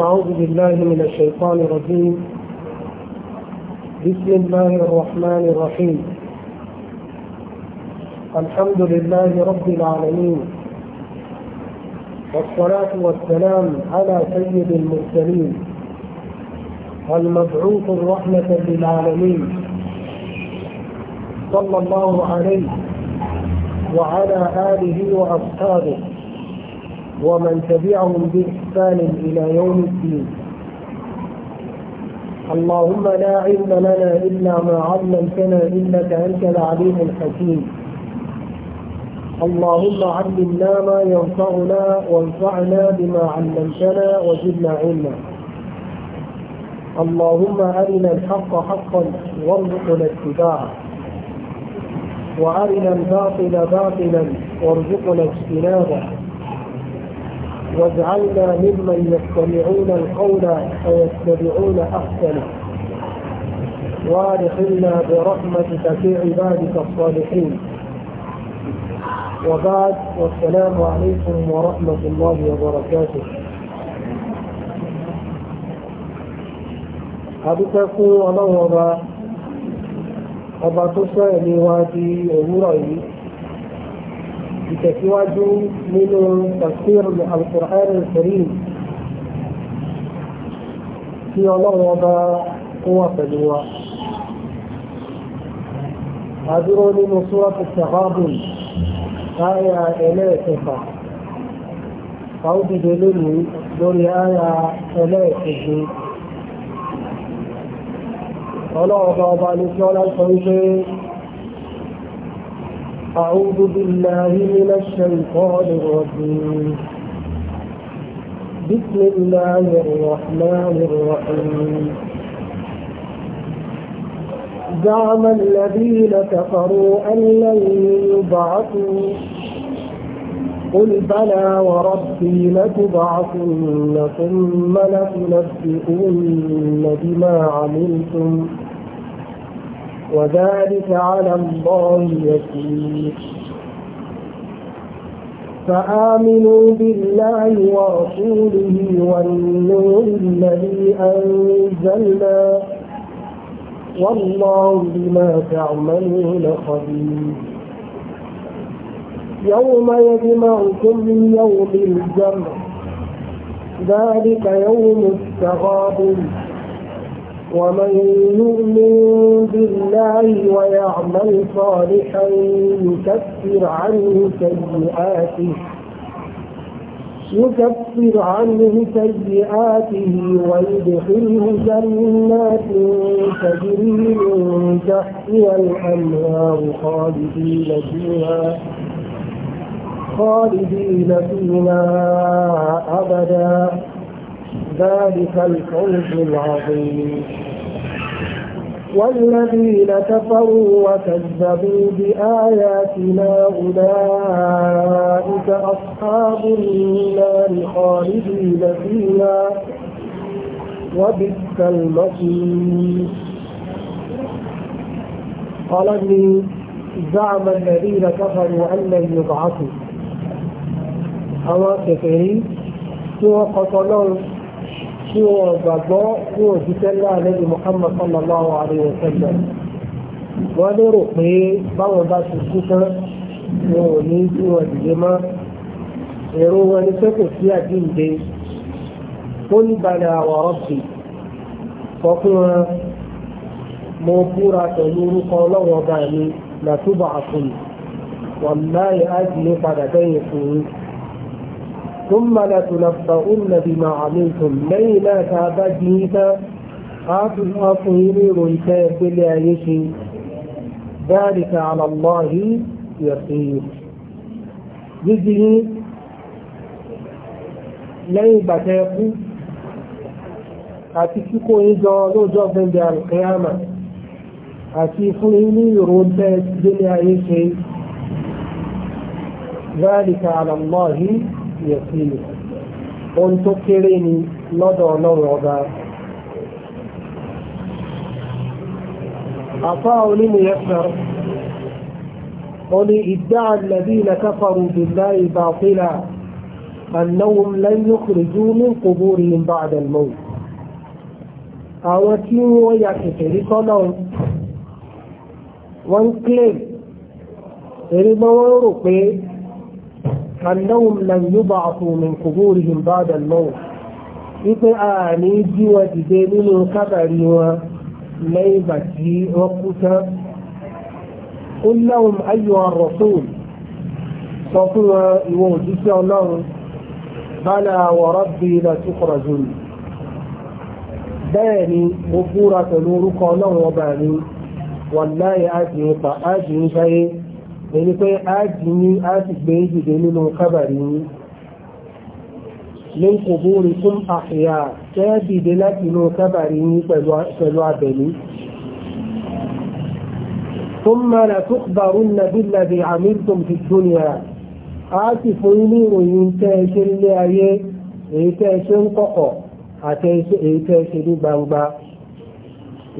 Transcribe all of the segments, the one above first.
أعوذ بالله من الشيطان الرجيم بسم الله الرحمن الرحيم الحمد لله رب العالمين والصلاة والسلام على سيد المرسلين المبعوث رحمة للعالمين صلى الله عليه وعلى آله وأصحابه ومن تبعهم بإحسان إلى يوم الدين اللهم لا علم لنا إلا ما علمتنا إنك أنت العليم الحكيم اللهم علمنا ما ينفعنا وانفعنا بما علمتنا وزدنا علما اللهم أرنا الحق حقا وارزقنا اتباعه وأرنا الباطل باطلا وارزقنا اجتنابه واجعلنا ممن يستمعون القول فيتبعون احسنه وادخلنا برحمتك في عبادك الصالحين وبعد والسلام عليكم ورحمة الله وبركاته àdúpẹ́kú ọlọ́wọ́ ọba ọba tó sọ ẹ̀mí wa òwúrọ̀ yìí ìtẹ̀síwájú nínú tafsir al-Qur'an al-Karim tí ọlọ́run ọba kó wà pẹ̀lú wa. Àdúró nínú Súrọ́tù Tàbábùn áyà ẹlẹ́ẹ̀kẹfà. Àwọn òdìdè lónìí lórí áyà ẹlẹ́ẹ̀kẹjọ. Ọlọ́run ọba ọba ní kí ọlá sọ wípé أعوذ بالله من الشيطان الرجيم بسم الله الرحمن الرحيم زعم الذين كفروا أن لن يبعثوا قل بلى وربي لتبعثن ثم لتنبئن بما عملتم وذلك على الله يسير فآمنوا بالله ورسوله والنور الذي أنزلنا والله بما تعملون خبير يوم يجمعكم يوم الجمع ذلك يوم التغابر ومن يؤمن بالله ويعمل صالحا يكفر عنه سيئاته يكفر عنه سيئاته ويدخله جنات تجري من تحتها الأنهار خالدين فيها خالدين فيها أبدا ذلك الفوز العظيم والذين كفروا وكذبوا بآياتنا أولئك أصحاب النار خالدين فيها وبئس المصير قال إني زعم الذين كفروا أن لن يبعثوا أما كفرين توقف لهم tí wọn gbàgbọ́ tí wọn jíṣẹ́ ńlá àlejò Muhammad sallallahu alayhi wa sallam wọn lérò pé báwọn bá ti kú tán wọn ò ní bí wọn dìde mọ́ èrò wọn ni pé kò sí àdínde ó ní balẹ̀ àwọ̀rọ̀ sí sọ fún wọn mo búra pẹ̀lú orúkọ ọlọ́wọ́ ọba mi làtúbọ̀ àkùnrin wàlláyé á di ní padà bẹ́yìn fún yín. ثم لا لتنبؤن بما عملتم ليلة بديدة أطل أطير ريتان بالعيش ذلك على الله يقين جزي ليبة تاكو أتكيكو إذا رجو بند القيامة أتكيكو إني ريتان بالعيش ذلك على الله yẹ̀sìn ohun tó kéré ni lọ́dọ̀ ọlọ́run ọba àfáà onímùyẹ́sàn قل ادعى الذين كفروا بالله باطلا أنهم لن يخرجوا من قبورهم بعد الموت àwọn tí wọ́n ya kẹfẹ̀rí sọ́nà wọ́n ń أنهم لن يبعثوا من قبورهم بعد الموت ipe a ní jí wọn dìde nínú kábàrí wọn lẹ́yìn ìgbà tí wọ́n kú tán ó láwọn ayò àrọ̀sùn sọ fún wọn ìwọ òjíṣẹ́ ọlọ́run bala wa rabbi la tukhrajun bẹ́ẹ̀ ni mo búra pẹ̀lú orúkọ ọlọ́run ọba mi wàláyé ájì ẹni pé a jì ní a sì gbé dìde nínú kábàrí yín ní kòbóòrè fún àfihà tẹ́ dìde láti inú kábàrí yín pẹ̀lú abẹ̀mí ثم لتخبرن بالذي عملتم في الدنيا àti fún ilé ìròyìn tẹ́ ṣe nílé ayé èyí tẹ́ ṣe ń kọ́kọ̀ àti èyí tẹ́ ṣe ní gbangba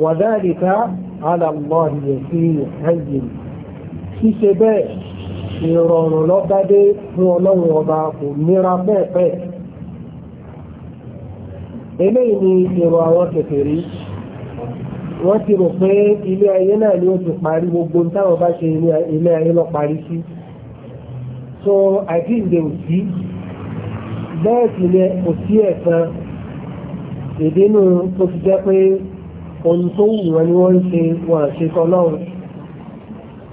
wàdáàdìká alàmọ́hìyẹ̀ sí ẹ̀yìn ṣíṣe bẹ́ẹ̀ ìrọ̀rùn lọ́gbádé fún ọlọ́run ọba kò nira pẹ́ẹ̀pẹ́ eléyìí ni èrò àwọn kèfèrí wọ́n ti rò pé ilé ayé náà ni ó ti parí gbogbo táwọn bá ṣe ilé ayé lọ parí sí so àdíǹde òsí bẹ́ẹ̀ sì ni òsí ẹ̀sán ìdínú tó fi jẹ́ pé ohun tó wù wọn ni wọ́n ń ṣe wọn àṣetọ́ lọ́rùn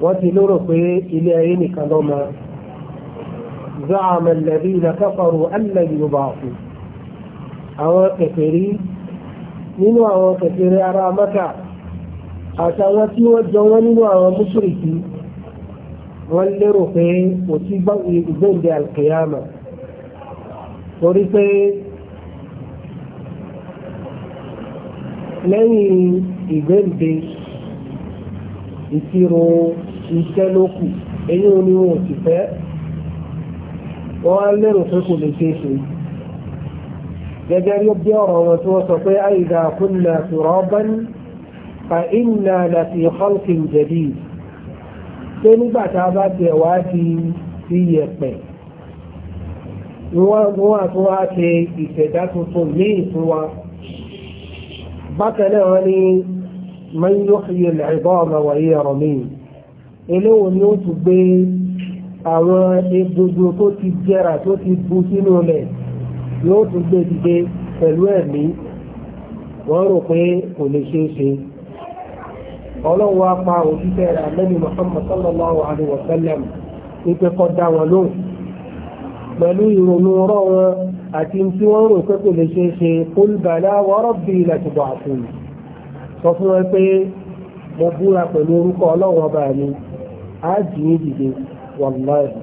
wọ́n ti lérò pé ilé ayé nìkan ló mọ zaama alladhina kafaru allan yub'athu àwọn kèfèrí nínú àwọn kèfèrí ará Mẹ́kà àtàwọn tí wọ́n jọ wọ́n nínú àwọn mùsùlùmí wọ́n lérò pé kò sí ìgbéǹde alkiyama torí pé lẹ́yìn ìgbéǹde ìṣirò iṣẹ́ ló kù èyí ò ní wọn ò sì fẹ́ wọ́n á lérò pé kò lè ṣe é ṣe gẹ́gẹ́ bí bí ọ̀rọ̀ wọn tí wọ́n sọ pé àìdá kúnlá tùrọ́bán fa inna la fi khalqin jadid nígbà tá a bá tiẹ̀ wá ti ti yẹ̀pẹ̀ wọ́n wá tó wá ṣe ìṣẹ̀dá tuntun ní ìfún wa bákan náà ni man yuhyi al-'idama wa hiya ramim eléwo ni ó ti gbé àwọn egungun tó ti jẹrà tó ti bu sínú rẹ̀ yóò tún gbé dìde pẹ̀lú ẹ̀mí wọ́n rò pé kò lè ṣeé ṣe ọlọ́run wa pa òṣìṣẹ́ rẹ̀ ànábì Muhammad sallallahu alayhi wa sallam ipe kọ́ da wọn lóhùn pẹ̀lú ìrònú ọ̀rọ̀ wọn àti tí wọ́n rò pé kò lè ṣeé ṣe qul bala wa rabbi la tub'athun sọ fún wọn pé mo búra pẹ̀lú orúkọ ọlọ́run ọba mi á jì í dìde wàlúwàlú.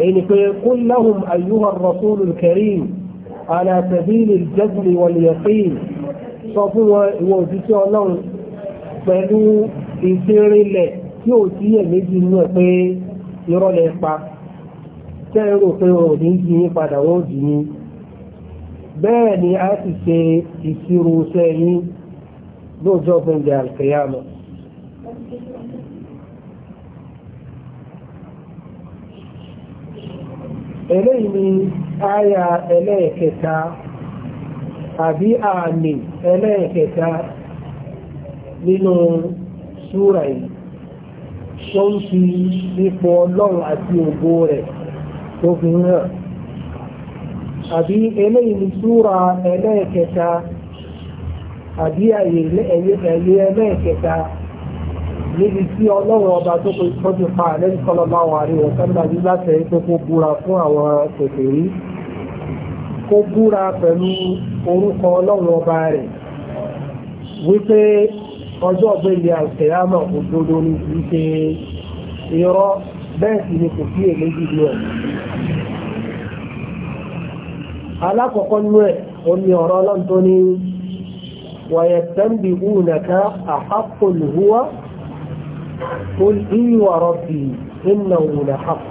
èyí ni pé qul lahum ayyuha ar-rasul al-karim ala sabil al-jazm wal-yaqin sọ fún wọn ìwọ òjíṣẹ́ ọlọ́run pẹ̀lú ìṣerénlẹ̀ tí ò sí ẹ̀mẹ́jì inú ẹ̀ pé irọ́ lẹ pa tẹ́ ẹ rò pé wọn ò padà wọn jì yín bẹ́ẹ̀ ni a ti ṣe ìṣirò sẹ́yìn lóòjọ́ gbẹ̀ngẹ̀ alkiyama eléyìí ni àyà ẹlẹ́ẹ̀kẹta àbí àmì ẹlẹ́ẹ̀kẹta nínú súra yìí tó ipò ọlọ́run àti ògo rẹ̀ tó fi hàn àbí eléyìí súra ẹlẹ́ẹ̀kẹta àbí àyè ẹ̀yẹ ẹlẹ́ẹ̀kẹta níbi tí ọlọ́run ọba tó kò tọ́jú pa àlẹ́bí kọlọ́mà wà rí wọ́n sẹ́ńdà bí láti ẹ̀yìn tó kó búra fún àwọn kèfèrí kó búra pẹ̀lú orúkọ ọlọ́run ọba rẹ̀ wípé ọjọ́ ọ̀gbẹ́lẹ̀ àṣẹyàmọ̀ òdodo ní kìí ṣe irọ́ bẹ́ẹ̀ sì ni kò sí èléjì ní ẹ̀ alákọ̀ọ́kọ́ nú ẹ̀ omi ọ̀rọ̀ ọlọ́ntọ́ ní wàyẹ̀tẹ́mbì únàká àhápọ̀lùhúwá قل إي وربي إنه لحق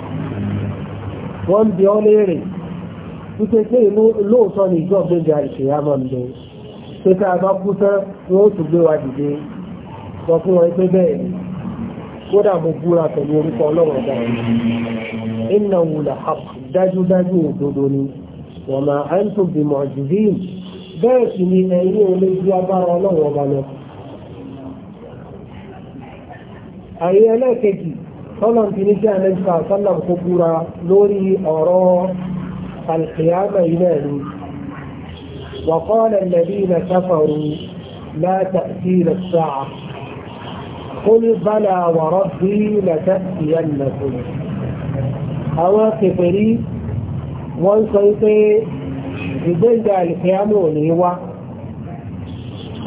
wọ́n bí ọ́ léèrè wípé pé lóòótọ́ ni ìjọ gbéga ìṣèyàmọ̀ ń bẹ pé tá a bá kú tán wọ́n ó kódà mo búra pẹ̀lú orúkọ ọlọ́run dáa ìnáwó làhàp dájúdájú òdodo ni wọ́n máa ń tún bímọ jùlíìn bẹ́ẹ̀ sì ni ẹ̀yìn olè ju agbára ọlọ́run ọba lọ. àyè ẹlẹ́ẹ̀kejì tọ́lọ̀n ti ní kí àlẹ́sà sálàm kó búra lórí ọ̀rọ̀ قل بلى وربي لتأتينكم أواكفري wọ́n sọ pé ìgbéga àlìkìyàmù ò ní wá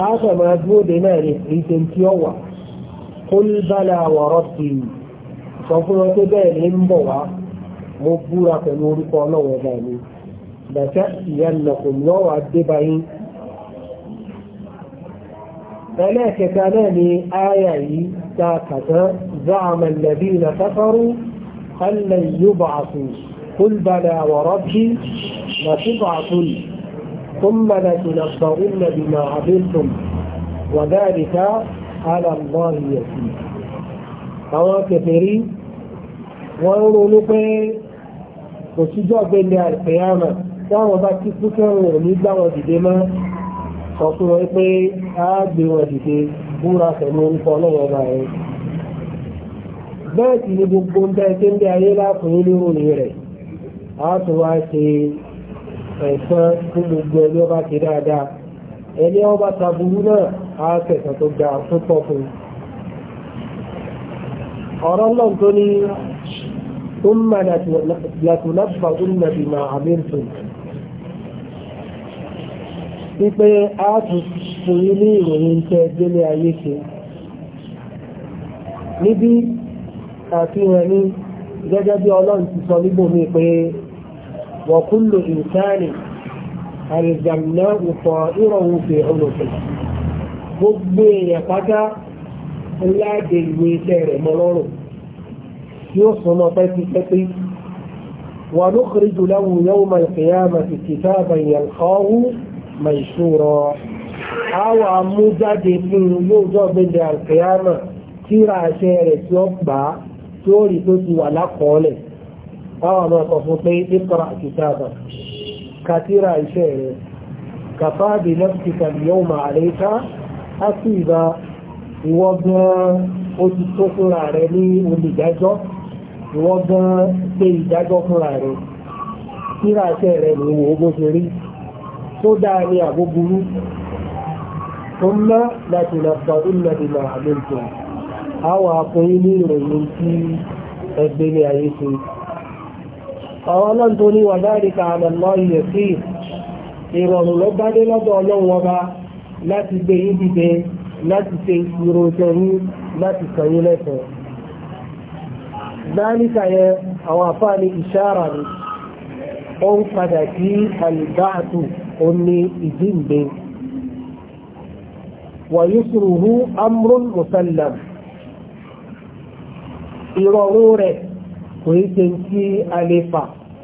ápẹ̀ máa dúró dé náà ní ìṣe tí ó wà kó ní bala wa rabbi sọ náà ni ááyà yìí ta kàtán záàmà lẹ́bí na káfárú alẹ́ yóò bọ̀ àfihàn قل بلى وربي لتبعثن ثم لتنصرن بما عملتم وذلك على الله يسير àwọn kèfèrí wọ́n ń ronú pé kò síjọ́ gbẹ̀lẹ̀ àìpẹ̀yàmà táwọn bá ti kú kẹrùn ún nígbà wọn dìde mọ́ sọ fún pé a wọn dìde búra pẹ̀lú orúkọ ọlọ́wọ́ ọba rẹ̀ àátò wá ṣe ẹ̀sán fún gbogbo ẹni ọba ṣe dáadáa ẹni ọba taburú náà àátẹ̀sán tó ga fún pọ̀ fún ọ̀rọ̀ náà tó ní ثم لتنبؤن بما عملتم wípé a tún fún yí ní ìròyìn tẹ délé ayé ṣe níbi àfihàn ní gẹ́gẹ́ bí ọlọ́run ti sọ níbòmí pé وكل إنسان ألزمناه طائره في عنقه gbogbo èèyàn pátá ńlá de ìwé iṣẹ́ rẹ̀ mọ́ lọ́rùn tí ó sọmọ pẹ́pípẹ́pí wà ló kiri jù láwù yóò máa kìyà máa ti kìtà àbàyàn kọ́wú máa ìṣúrọ̀ àwọn amújáde fún yóò jọ gbẹ̀dẹ̀ àkìyà máa tíra àṣẹ rẹ̀ tí ó gbà tí ó rí tó ti wà lákọọ́lẹ̀ àwọn ọmọ ọkọ̀ fún pé nípa kìtàbà kàtíra iṣẹ́ rẹ̀ kàfá bí lọ́pìtà yóò máa àlẹ́ká á sì ìbá ìwọ gan ó ti tó fúnra rẹ̀ ní olùdájọ́ ìwọ gan pé ìdájọ́ fúnra rẹ̀ kíra iṣẹ́ rẹ̀ ló wo bó ṣe rí tó dáa ní àbó tó mọ́ láti nàfà ìlàdìmọ̀ àlejò àwọn ọlọ́run tó ní wàdáríkà àlọ́lọ́ ilẹ̀ sí ìrọ̀rùn ló bá dé lọ́dọ̀ ọlọ́run ọba láti gbé yín dìde láti ṣe ìṣirò tẹ̀yìn láti sọ̀yìn lẹ́sọ̀ọ́. dáríkà yẹn àwọn àfáà ní ìṣára ni ó ń ìrọ̀rùn rẹ̀ kò í ṣe ń kí alẹ́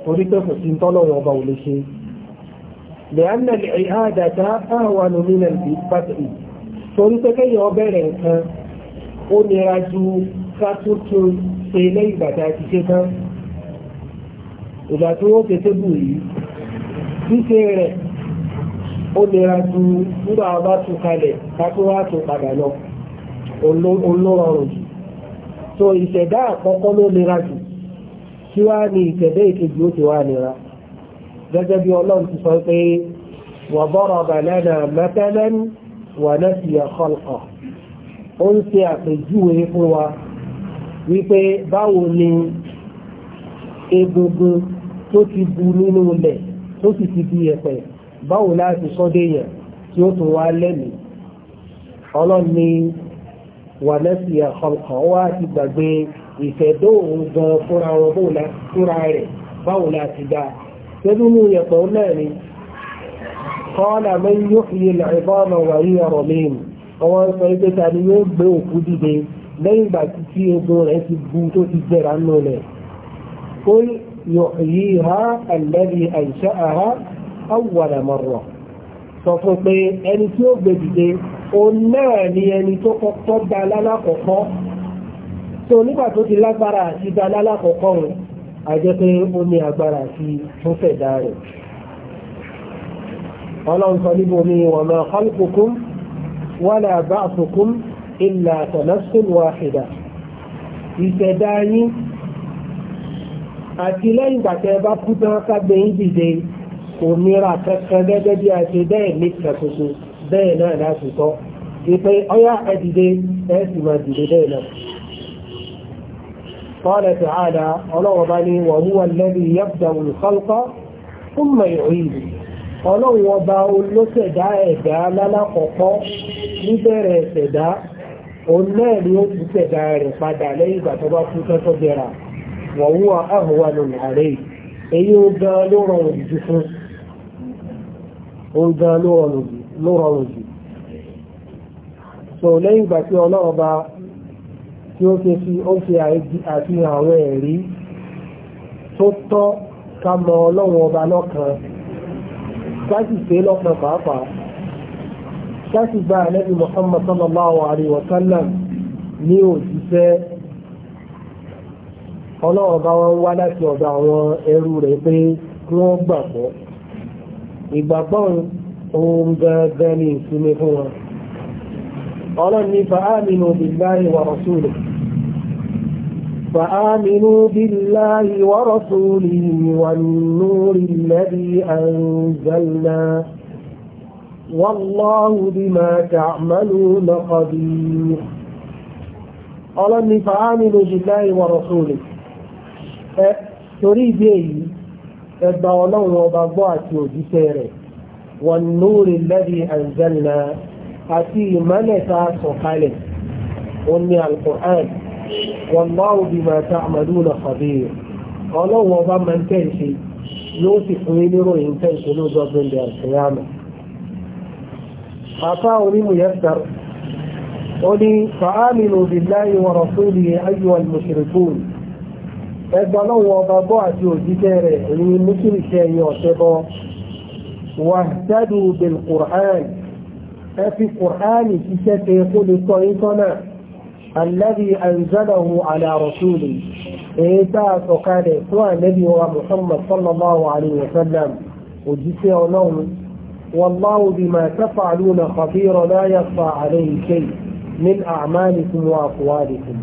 torí pé kò sí tọ́lọ́wọ́ ọba ò lè ṣe لأن العهادة أهون من الفتح torí pé kéèyàn ọbẹ̀rẹ̀ nǹkan ó nira ju kátútù ṣe lẹ́yìn bàtà ti ṣe tán ìgbà tí wọ́n ṣe tébù yìí kí wá ní ìtẹ̀dẹ́ ìkejì ó ti wá nira gẹ́gẹ́ bí ọlọ́run ti sọ pé wa daraba lana matalan wa nasiya khalqa ó ń ṣe àpèjúwe fún wa wípé báwo ni egungun tó ti bu nínú ilẹ̀ tó sì ti di ẹ̀pẹ̀ báwo láti sọ́dẹ̀ yẹn tí ó tún wá lẹ́mìí ọlọ́run ni wa nasiya khalqa wá ti gbàgbé ìfẹ̀dọ́ òun gan fúnra wọn fúnra rẹ̀ báwo la ti dáa pẹ̀lú ní ìyẹ̀pẹ̀ náà ni kọ́ọ̀lá mẹ́rin yóò fi ilẹ̀ ìbọ́ọ̀mọ̀ wàyí ọ̀rọ̀ lẹ́yìn ọwọ́ sọ pé ta ni yóò gbé òkú dìde lẹ́yìn ìgbà tí egun rẹ̀ ti bu tó ti jẹrà nù rẹ̀ ó yọ̀yí ha àlẹ́rí àìṣẹ́ ara awwala marra sọ fún pé ẹni tí ó gbé dìde òun náà ni ẹni tó kọ́kọ́ dá lálàkọ̀ọ́kọ́ tó nígbà tó ti lágbára àti ìdálá lákọ̀ọ́kọ́ rẹ̀ àjẹ́ pé ó ní agbára àti fúnfẹ̀dá rẹ̀ ọlọ́run sọ níbo ni wa ma khalqukum wala ba'thukum illa ka nafsin wahida ìṣẹ̀dá yín àti lẹ́yìn ìgbàtẹ̀ bá kú tán kágbé yín dìde kò nira ní kàkóso bẹ́ẹ̀ náà láti sọ ìpè ọyá ẹ dìde ẹ sì dìde bẹ́ẹ̀ náà قال تعالى ọlọ́wọ̀bání وهو الذي يبدأ الخلق ثم يعيده ọlọ́wọ̀bá olóṣẹ̀dá ẹ̀dá lálàkọ̀ọ́kọ́ níbẹ̀rẹ̀ ṣẹ̀dá onáà ó ti ṣẹ̀dá rẹ̀ padà lẹ́yìn ìgbà tó bá kú tọ́tọ́ bẹ̀rà وهو èyí ó gan fún tí ó ṣe fi ó ṣe àfihàn àwọn ẹ̀rí tó tọ́ ká mọ ọlọ́run ọba lọ́kan káàkì lọ́kan pàápàá káàkì gba ànábì Muhammad sallallahu alaihi wa sallam ní òjíṣẹ́ ọlọ́run ọba wọn wá láti ọ̀dọ̀ àwọn ẹrú rẹ̀ ni ìsinmi ọlọ́run ní fa'aminu billahi wa rasulihi fa'aminu billahi wa rasulihi wan nuri alladhi anzalna wallahu bima ta'maluna qadir ọlọ́run ní fa'aminu billahi wa rasulihi ẹ torí ìdí èyí ẹgbà ọlọ́run ọba gbọ́ àti òjíṣẹ́ rẹ̀ wan nuri alladhi anzalna àti ìmọ́lẹ̀ tá a sọ̀kalẹ̀ ó ní alukur'an wallahu bima ta'maluna khabir ọlọ́wọ́ ọba máa ń tẹ̀ ṣe yóò sì fún yín níròyìn tẹ̀ ṣe lóòjọ́ gbẹ̀ndẹ̀ àṣeyàmà. àfa onímùyẹ́sàr ó ní fa'aminu billahi wa rasulihi ayyuhal mushrikun ẹgbẹ́ ọlọ́wọ́ ọba bọ́ àti òjíṣẹ́ rẹ̀ ní mùsùlùmí ṣe ẹ̀yìn ọ̀ṣẹ́ bọ́ wàhtadu bil qur'an ẹ fi kùránì ṣiṣẹ́ tẹ kó lè tọ́ yín sọ́nà alladhi anzalahu ala rasuli èyí tá a sọ̀kalẹ̀ fún ànábì wa muhammad sallallahu alayhi wa sallam òjíṣẹ́ ọlọ́run والله بما تفعلون خبير لا يخفى عليه شيء من أعمالكم وأقوالكم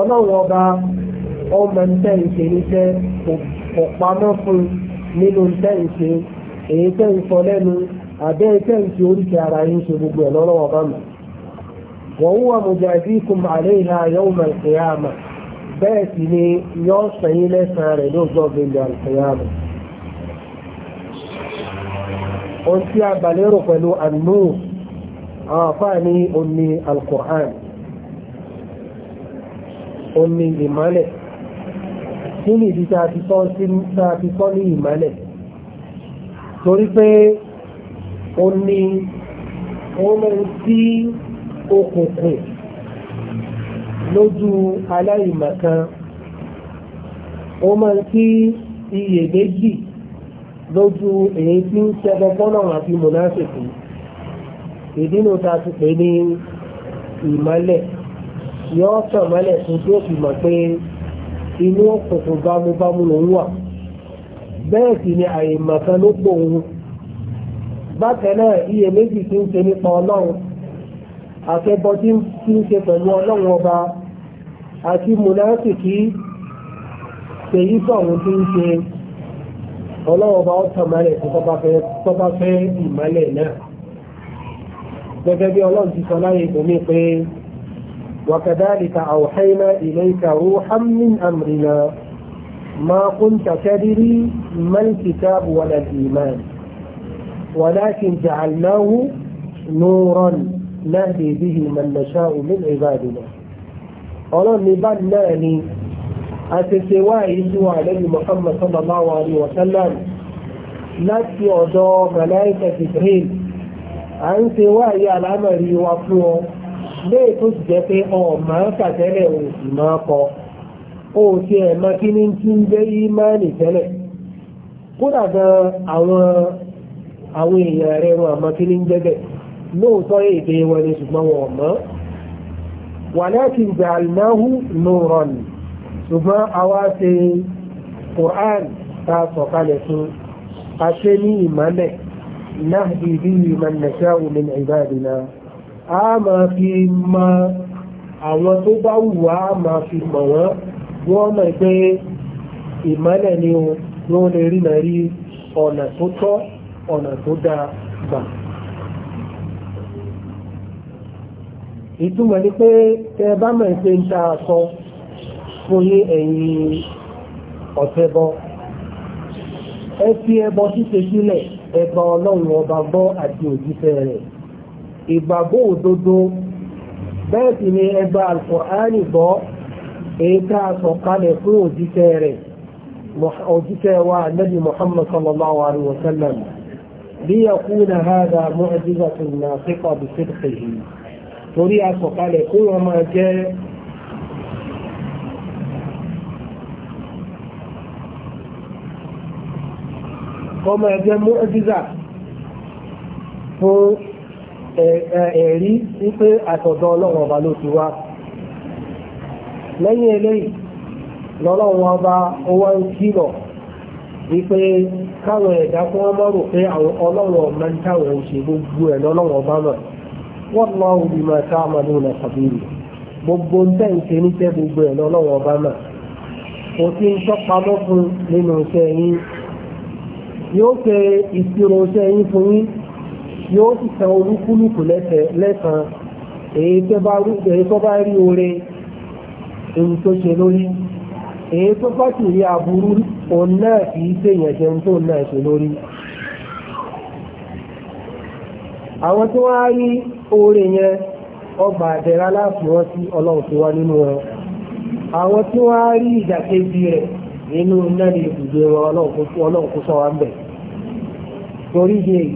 ọlọ́run ọba ọmọ ntẹ́ ìṣe níṣẹ́ kò pamọ́ fún nínú ntẹ́ ìṣe èyí tẹ́ ń sọ lẹ́nu abẹ́ iṣẹ́ ti oríkì ara yín ṣe gbogbo ẹ̀ lọ́rọ̀ mọ̀ wọ́n wà mujazikum alayha yawma al-qiyamah bẹ́ẹ̀ sì ni yọ́ sẹ́yìn lẹ́sàn rẹ̀ lóòjọ́ gbẹ̀lẹ̀ al-qiyamah ohun tí a pẹ̀lú àánú àwọn omi omi ìmọ́lẹ̀ kí ni ìdí tá a fi sọ ní ìmọ́lẹ̀ torí pé ó ní wọ́n máa ń sí okùnkùn lójú aláìmọ̀kan wọ́n máa ń sí iyèméjì lójú èyí tí ń ṣẹbọ fọ́nà àti mùnáfìkì ìdínú ta ti pè ní ìmọ́lẹ̀ yọ́ sàn mọ́lẹ̀ fún tí ó fi mọ̀ pé inú òkùnkùn bámúbámú ló ń wà bẹ́ẹ̀ sì ni àìmọ̀kan ló pòun bákan náà iyèméjì tí ń ṣe nípa ọlọ́run àkẹ́bọ tí ń ṣe pẹ̀lú ọlọ́run ọba àti mùnáfìkì tèyí sọ̀rọ̀ tí ń ṣe ọlọ́run ọba ọ̀tàn mọ́lẹ̀ tí tọ́ba fẹ́ ìmọ́lẹ̀ náà gẹ́gẹ́ bí ọlọ́run ti sọ láyé ìbomi pé وكذلك أوحينا إليك روحا من أمرنا ما كنت تدري ما الكتاب ولا ولكن جعلناه نورا نهدي به من نشاء من عبادنا ọlọ́run ní bá náà ni a ti ṣe wá ìṣúwà lẹ́yìn Muhammad sallallahu alaihi wa sallam láti ọ̀dọ̀ malaika Jibril a ń ṣe wá ìyá alámọ̀rí wa fún ọ léè tó ti jẹ́ pé ọ máa ń kàtẹ́lẹ̀ ò sì máa kọ ó ti ẹ̀ máa kí ní tí ń jẹ́ ìmáàlì tẹ́lẹ̀ kódà gan àwọn àwọn èèyàn rẹ̀ wọn àmọ́ kí ní ń jẹ́bẹ̀ lóòótọ́ èdè wọn ni ṣùgbọ́n wọn mọ́ walakin ja'alnahu nuran ṣùgbọ́n àwa ṣe Qur'an ta sọ̀kalẹ̀ fún aṣẹ́ ní ìmọ́lẹ̀ nahdi bihi man nasha'u min ibadina a máa fi mọ àwọn tó bá wù wá máa fi mọ̀ wọ́n wọ́n mọ̀ pé ìmọ́lẹ̀ ni wọ́n lè rí ọ̀nà tó tọ́ ọ̀nà tó dáa gbà. ìtumọ̀ ni pé tẹ bá mọ̀ pé ń ta sọ fún yé ẹ̀yin ọ̀tẹ̀bọ ẹ fi ẹbọ ṣíṣe sílẹ̀ ẹbọ ọlọ́run ọba gbọ́ àti òjíṣẹ́ rẹ̀ ìgbàgbọ́ òdodo bẹ́ẹ̀ sì ni ẹgbà alkùnránì gbọ́ èékà sọ̀kalẹ̀ fún òjíṣẹ́ rẹ̀ òjíṣẹ́ wa nẹ́bí muhammad sallallahu alaihi wasallam ليكون هذا معجزة ناطقة بصدقه torí asọ̀kalẹ̀ kó wọ́n máa jẹ́ kọ́ máa jẹ́ mọ́jíza fún ẹ̀rí wípé àtọ̀dọ̀ ọlọ́run ọba ló ti wá lẹ́yìn eléyìí lọ́lọ́run ọba ó wá ń kìlọ̀ wípé káwọn ẹ̀dá kí wọ́n mọ́rò pé ọlọ́run ọmọ ń táwọn ṣe gbogbo ẹ̀ lọ́lọ́run ọba náà wọ́n lọ òbí máa tá àmà ní ọ̀nà sàbíìrì gbogbo ń tẹ̀sẹ̀ níṣẹ́ gbogbo ẹ̀ lọ́lọ́run ọba náà kò sí ń tọ́pamọ́ fún nínú iṣẹ́ yín yóò ṣe ìṣirò iṣẹ́ yín fún yín yóò sì san olúkúlùkù lẹ́sàn èyí tó bá rí oore ohun tó ṣe lórí èyí tó bá sì rí aburú òun náà kì í ṣèyàn jẹun tó náà ṣe lórí àwọn tí wá rí oore yẹn ọgbà àdẹ̀rà láti sí ọlọ́run tí wá nínú wọn àwọn rí ìdàkejì rẹ̀ nínú iná ní ibùdó ọlọ́run kó sọ wá ń bẹ̀ torí èyí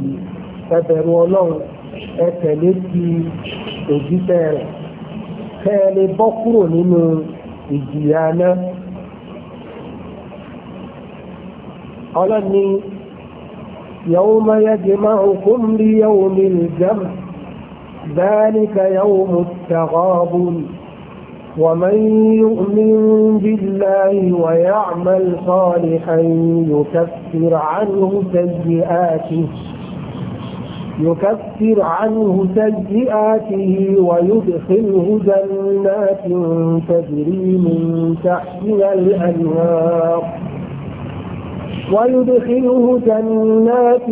اني يوم يجمعكم ليوم الجمع ذلك يوم التغاب ومن يؤمن بالله ويعمل صالحا يكفر عنه سيئاته يكفر عنه سيئاته ويدخله جنات تجري من تحتها الأنهار ويدخله جنات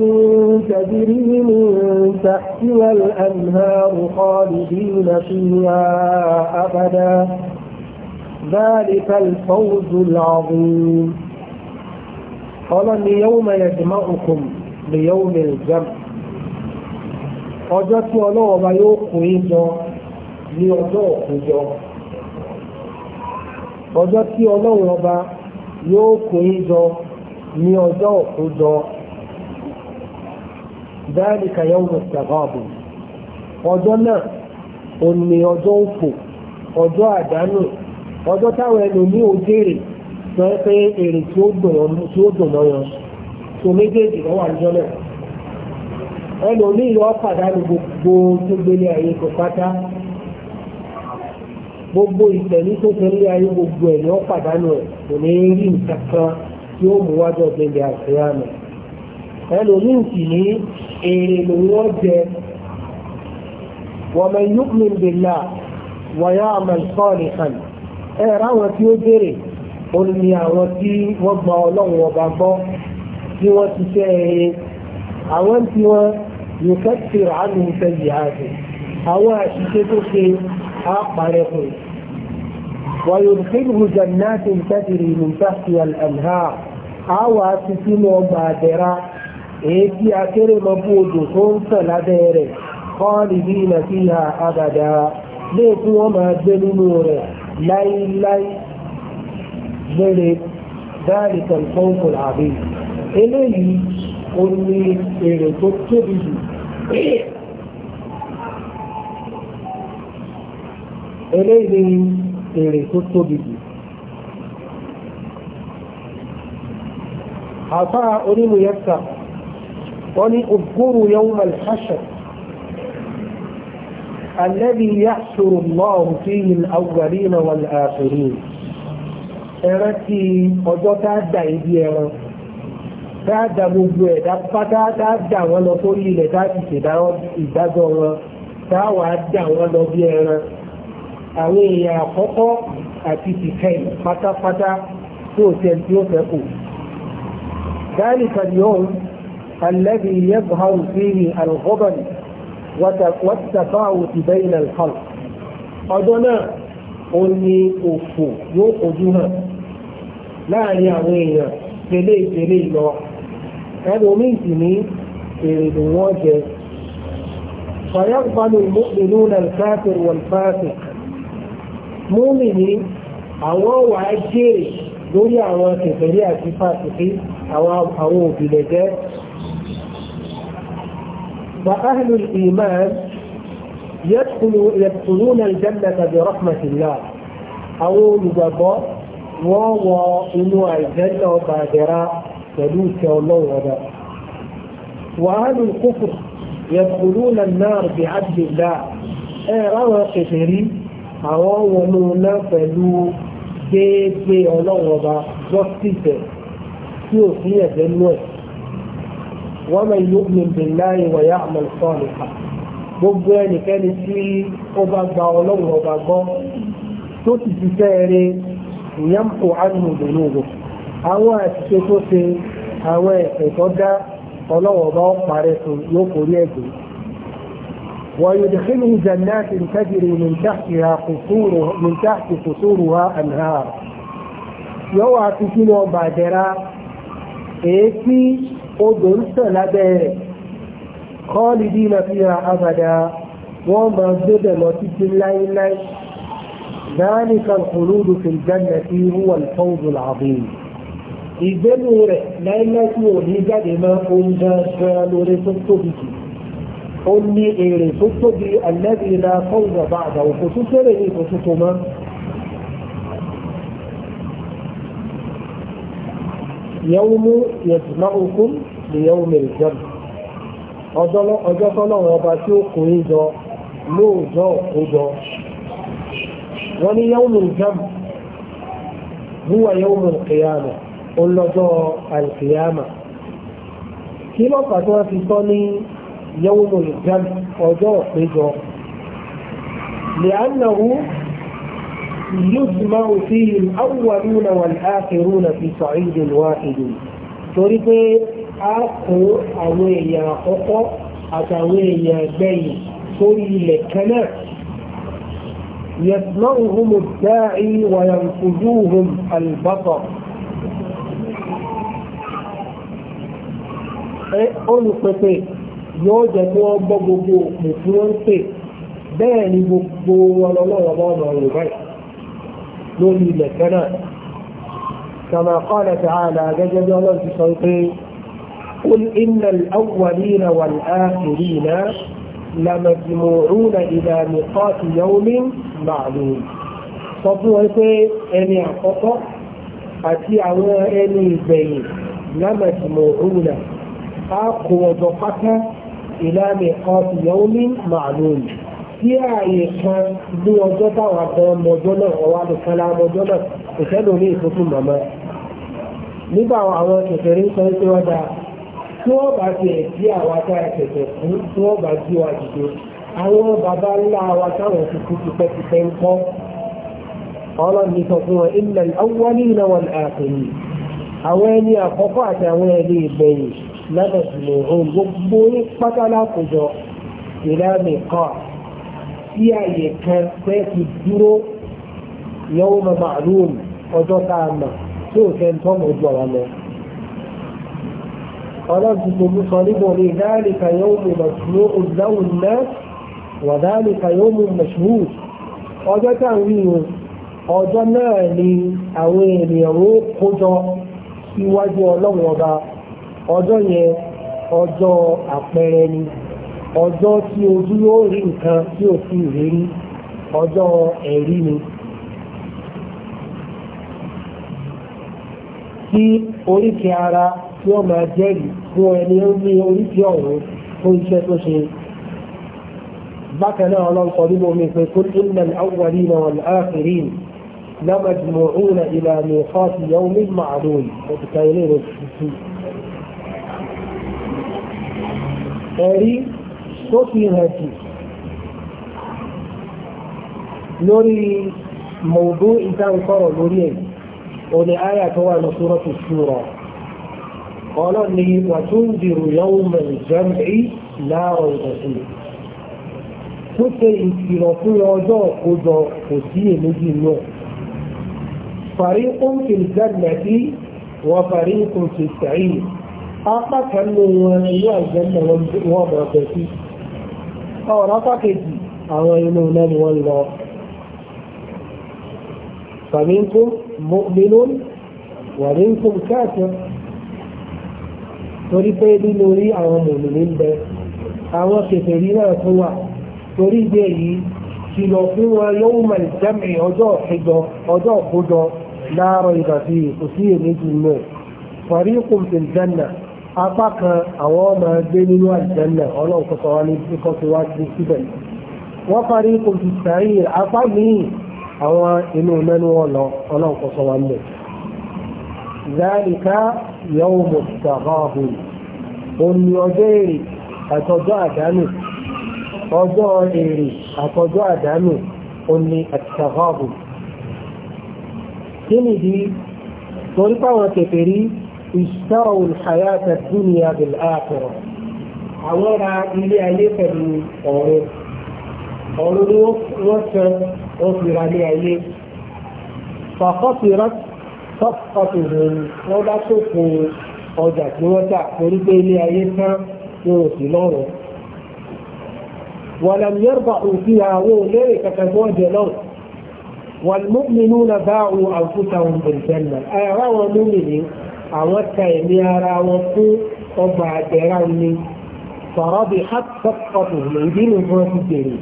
تجري من تحتها الأنهار خالدين فيها أبدا ذلك الفوز العظيم قال ليوم يجمعكم ليوم الجمع ọjọ́ tí ọlọ́wọ́ bá yóò kó ìjọ ní ọjọ́ òkújọ ọjọ́ tí ọlọ́wọ́ bá yóò kó ìjọ ní ọjọ́ òkújọ dáríkà yóò mọ̀ sàgáàbù ọjọ́ náà ò ní ọjọ́ òfò ọjọ́ àdánù ọjọ́ táwọn ẹlòmíì ò jèrè sọ pé èrè tí ó dùn lọ́yọ̀ tó méjèèjì lọ́wọ́ àjọ náà ẹlòmíì lọ́ pàdánù gbogbo tó gbélé ayé kò pátá gbogbo ìtẹ̀lé tó gbélé ayé gbogbo ẹ̀ ni ó ẹ̀ kò ní rí nǹkan kan tí ó mú wájọ́ gbẹ̀gbẹ̀ àṣeyàmù ẹlòmíì sì ní èrè lòun ó jẹ wa man yu'min billahi wa ya'mal salihan ẹ ráwọn tí ó béèrè ó ní àwọn tí wọ́n gba ọlọ́run ọba gbọ́ tí wọ́n ti fẹ́ ẹ̀rẹ́ àwọn tí wọ́n yóò kẹ́kẹ́ rà á lóun fẹ́ yìí àti àwọn àṣìṣe tó ṣe á parẹ́ fún un. ويدخله جنات تجري من تحتها الأنهار àwa ti sínú ọgbà àdẹ̀ra èyí tí akéré lọ bú odò tó ń sàn lábẹ́ rẹ̀ kọ́ọ̀lì bí ilẹ̀ fi hà abàdà léèkún wọn máa gbé nínú rẹ̀ láíláí lére dáàlìkà ìfọ́nkù àbí eléyìí ó ní èrè tó tóbi jù eléyìí èrè tó tóbi jù àfá onímù yẹta wọ́n ní ògbóòrò yawm al-hashr alladhi yahshuru Allahu fihi al-awwalina wal-akhirin ẹran ti ọjọ́ tá a dà ibi ẹran tá a dà gbogbo ẹ̀dá pátá tá a dà wọ́n lọ sórí ilẹ̀ tá a ti ṣèdáwọ́ ìdájọ́ wọn tá a wàá dà wọ́n lọ bí ẹran àwọn èèyàn àkọ́kọ́ àti tìkẹ́yìn pátápátá tí ò tẹ́ tí ó fẹ́ kù. ذلك اليوم الذي يظهر فيه الغبن والتفاوت بين الخلق ọjọ́ náà ó ní òfò yóò kojú hàn láàrin àwọn èèyàn tẹ́lẹ̀ tẹ́lẹ̀ lọ ẹlòmíì sì ní èrè ló wọ́n jẹ فيقبل المؤمنون الكافر والفاسق mùmínì àwọn wàá jèrè lórí àwọn kèfèrí àti fásitì àwọn òbílẹ̀ jẹ́ فأهل الإيمان يدخلون الجنة برحمة الله أو نبضاء وهو إنو الجنة وبادراء يدوك الله ودا وأهل الكفر يدخلون النار بعدل الله أي روى قدري أو ونونا فلو ديدي الله ودا justice tí ò sí ẹ̀jẹ̀ nú ẹ̀ wọ́n mọ̀ ìlú billahi wa ya'mal salihan gbogbo ẹnikẹ́ni tí ó bá gba ọlọ́run ọba gbọ́ tó sì ti sẹ́ẹ̀rẹ́ ìyàmpò ánìmọ̀dé lóògùn àwọn àṣìṣe tó ṣe àwọn ẹ̀ṣẹ̀ tó dá ọlọ́run ọba ó parẹ́ fún yóò forí ẹ̀gbẹ́ ويدخله جنات تجري من تحتها قصورها من تحت قصورها انهار يوعى في بعدرا èyí tí odò ń sàn lábẹ́ rẹ̀ khalidina fiha abada wọ́n máa gbébẹ̀ lọ títí láíláí ذلك الخلود في الجنة هو الفوز العظيم ìgbẹ́nu rẹ̀ láíláí tí ò ní jáde máa ń dáadáa lórí tó tóbi jù ó ní èrè tó tóbi alẹ́bí la fọ́wọ́ bá àdàwọ̀ kò tún fẹ́rẹ̀ ní ìfòtútù máa yẹ́wùmú yẹ̀tùmá okùn ní yẹ́wùmú ìjọ́m ọjọ́ tọ́lọ́run ọba tí ó kò ń jọ lóòjọ́ òkójọ wọ́n ní yẹ́wùmú ìjọ́m huwa yẹ́wùmú ìkìyàmà ọlọ́jọ́ àìkìyàmà kí lọ́pàá tí wọ́n fi sọ ní yẹ́wùmú ìjọ́m ọjọ́ òkójọ lẹ́yìn náà يجمع فيه الأولون والآخرون في صعيد واحد torí pé a kó àwọn èèyàn àkọ́kọ́ àtàwọn èèyàn gbẹ̀yìn sórí ilẹ̀ kan náà يسمعهم الداعي وينفذوهم البطر olùpẹ̀pẹ̀ yóò jẹ́ kí wọ́n gbọ́ gbogbo òpin tí wọ́n ń pè bẹ́ẹ̀ ni gbogbo wọn lọ́wọ́ ọ̀rọ̀ báyìí lórí ilẹ̀ kẹ́nà كما قال تعالى جل جلاله في صوته قل إن الأولين والآخرين لمجموعون إلى ميقات يوم معلوم sọ fún wọn pé ẹni àkọ́kọ́ àti àwọn ẹni ìgbẹ̀yìn lámàjìmọ̀ òrùnà á kò ọjọ́ pátá ìlànà ọ̀sìn yawmin ma'lum sí ààyè kan ní ọjọ́ táwọn kan mọjọ́ náà ọwọ́ àdùkan la mọjọ́ náà kò sẹ́nu ní ìfúnfún màmá nígbà àwọn kẹfẹ́rí sọ pé wọ́n dáa tí wọ́n bá ti ẹ̀sí àwọn atára kẹfẹ́ fún tí wọ́n bá jí wa dìde àwọn bàbá ńlá wa táwọn ti ń kọ́ ọlọ́run ní sọ fún wọn ilẹ̀ awọ́lé iná wọn àwọn ẹni àkọ́kọ́ àti àwọn ẹni ìgbẹ̀yìn lábẹ̀sùn gbogbo sí àyè kan duro yau na yẹ́wò ọjọ ọjọ́ tá a mọ̀ tí ò fẹ́ tọ́ ojú ọ̀rọ̀ lọ. ọlọ́run ti tó sọ níbo ní dáríkà yẹ́wò mọ̀ wà ọjọ́ o ọjọ́ náà ni àwọn ènìyàn ọba ọjọ́ yẹn ọjọ́ àpẹẹrẹ ni. ọjọ́ tí ojú yóò rí nǹkan tí ò sí ìrírí ọjọ́ ẹ̀rí ni tí oríkì ara tí ó máa fún ẹni ó ní oríkì ọ̀run fún iṣẹ́ tó ṣe بكنا على القريب من فكل إن الأولين والآخرين لمجموعون إلى ميقات يوم معلوم وتكايلين tó fi hàn jù lórí mọ̀ọ́dú ìdáǹkọ̀rọ̀ lórí ẹ̀ òní àyà tó wà lọ́sọ́rọ́ tó ṣúra ọlọ́run ni wàtúndìrú yawm al-jam'i la rayba fihi tó ṣe ìkìlọ̀ fún ọjọ́ òkójọ kò sí èméjì náà fariqun fil jannati wa fariqun fis sa'ir apá kan ní wọn inú àjẹ́ náà bẹ̀rẹ̀ sí àwọn ọ̀rọ̀ kejì àwọn inú náà ni wọ́n lọ فمنكم مؤمن ومنكم كافر torí pé nínú orí àwọn mòmìnì ń bẹ àwọn kèfèrí náà tó wà torí ìdí èyí kìlọ̀ fún wọn yóò mọ̀ ìjẹ́mì ọjọ́ ìjọ ọjọ́ ìkójọ láàárọ̀ ìgbà kò sí èméjì náà fọ̀rí kùn apá kan àwọn ọmọ gbé nínú àjẹ́nà ọlọ́run kọ́kọ́ wá ní kíkọ́ tó wá sí síbẹ̀ wọ́n parí kò sì sàárì apá míì àwọn inú mẹ́nu wọn lọ ọlọ́run kọ́kọ́ wá mọ̀ zaalika yóò mọ̀ sàbáhùn òní ọjọ́ èrè àtọjọ́ àdánù ọjọ́ èrè àtọjọ́ àdánù òní àtìsàbáhùn kí nìdí torípàwọn kẹfẹ́ rí اشتروا الحياة الدنيا بالآخرة أولا إلي أليك أوريك أولو وشر أخر لي أليك فخطرت صفقتهم ودكتوا أجاك وتأخر بي لي أليك أوتي لوري ولم يربحوا فيها وليك كزوج لوري والمؤمنون باعوا أنفسهم بالجنة أي روى مؤمنين àwọn ta ẹ̀mí ara wọn fún ọba àjẹrà ni sọ̀rọ̀bì hapsọ́pọ̀tù lèdí ni wọ́n ti bèrè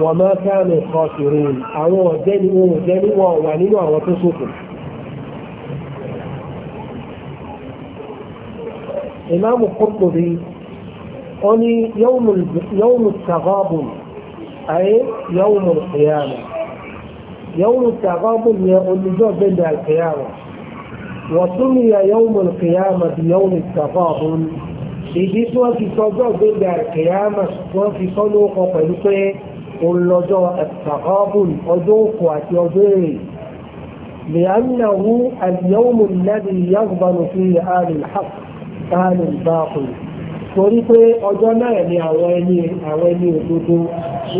wọ́n máa káàmì kọ́sìrì àwọn ọ̀jẹ́ ni wọ́n ọ̀jẹ́ ni wọ́n wà nínú àwọn tó ṣòfò. ìmáàmù kọ́kùnrí ó ní yọ́ọ̀mù tàgọ́bùn ayé yọ́ọ̀mù kìyàmù yọ́ọ̀mù tàgọ́bùn yẹ olùjọ́ bẹ́ẹ̀ وسمي يوم القيامة بيوم التفاضل ìdí tí wọ́n fi sọjọ́ gbégbé àkèyàmà wọ́n fi sọ lóòkọ pẹ̀lú pé olùlọ́jọ́ ẹ̀tàkọ́bùn ọjọ́ òkú àti ọjọ́ èrè لأنه اليوم الذي يغبن فيه آل الحق آل الباطل torí pé ọjọ́ náà ni àwọn ẹni òdodo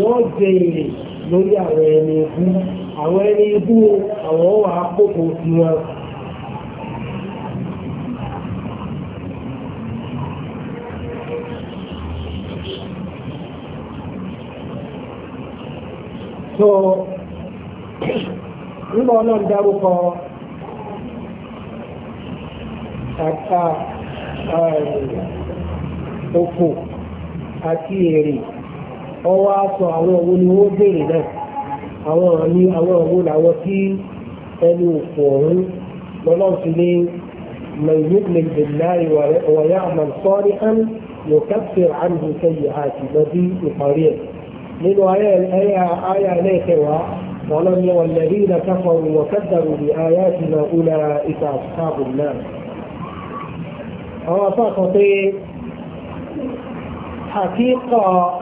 wọ́n jẹ èrè lórí àwọn ẹni ibú àwọn ẹni ibú àwọn wà á kókò tiwọn so nígbà wọn náà dárúkọ àta òfò àti èrè ọwọ́ aṣọ àwọn owó ni wọ́n béèrè náà àwọn àmì àwọn owó làwọn tí ẹni òfò ọ̀hún lọ́lọ́sí ní mẹ̀yìnlẹ̀ ìdèláì wọ̀yá àmàlùsọ́rí án yóò kẹ́fẹ́ àmì ìkẹyì àti lọ́dí ìparí ẹ̀. من آيات آية ليكوا آية- آية ظلم والذين كفروا وكذبوا بآياتنا أولئك أصحاب النار أو فاقطي حقيقة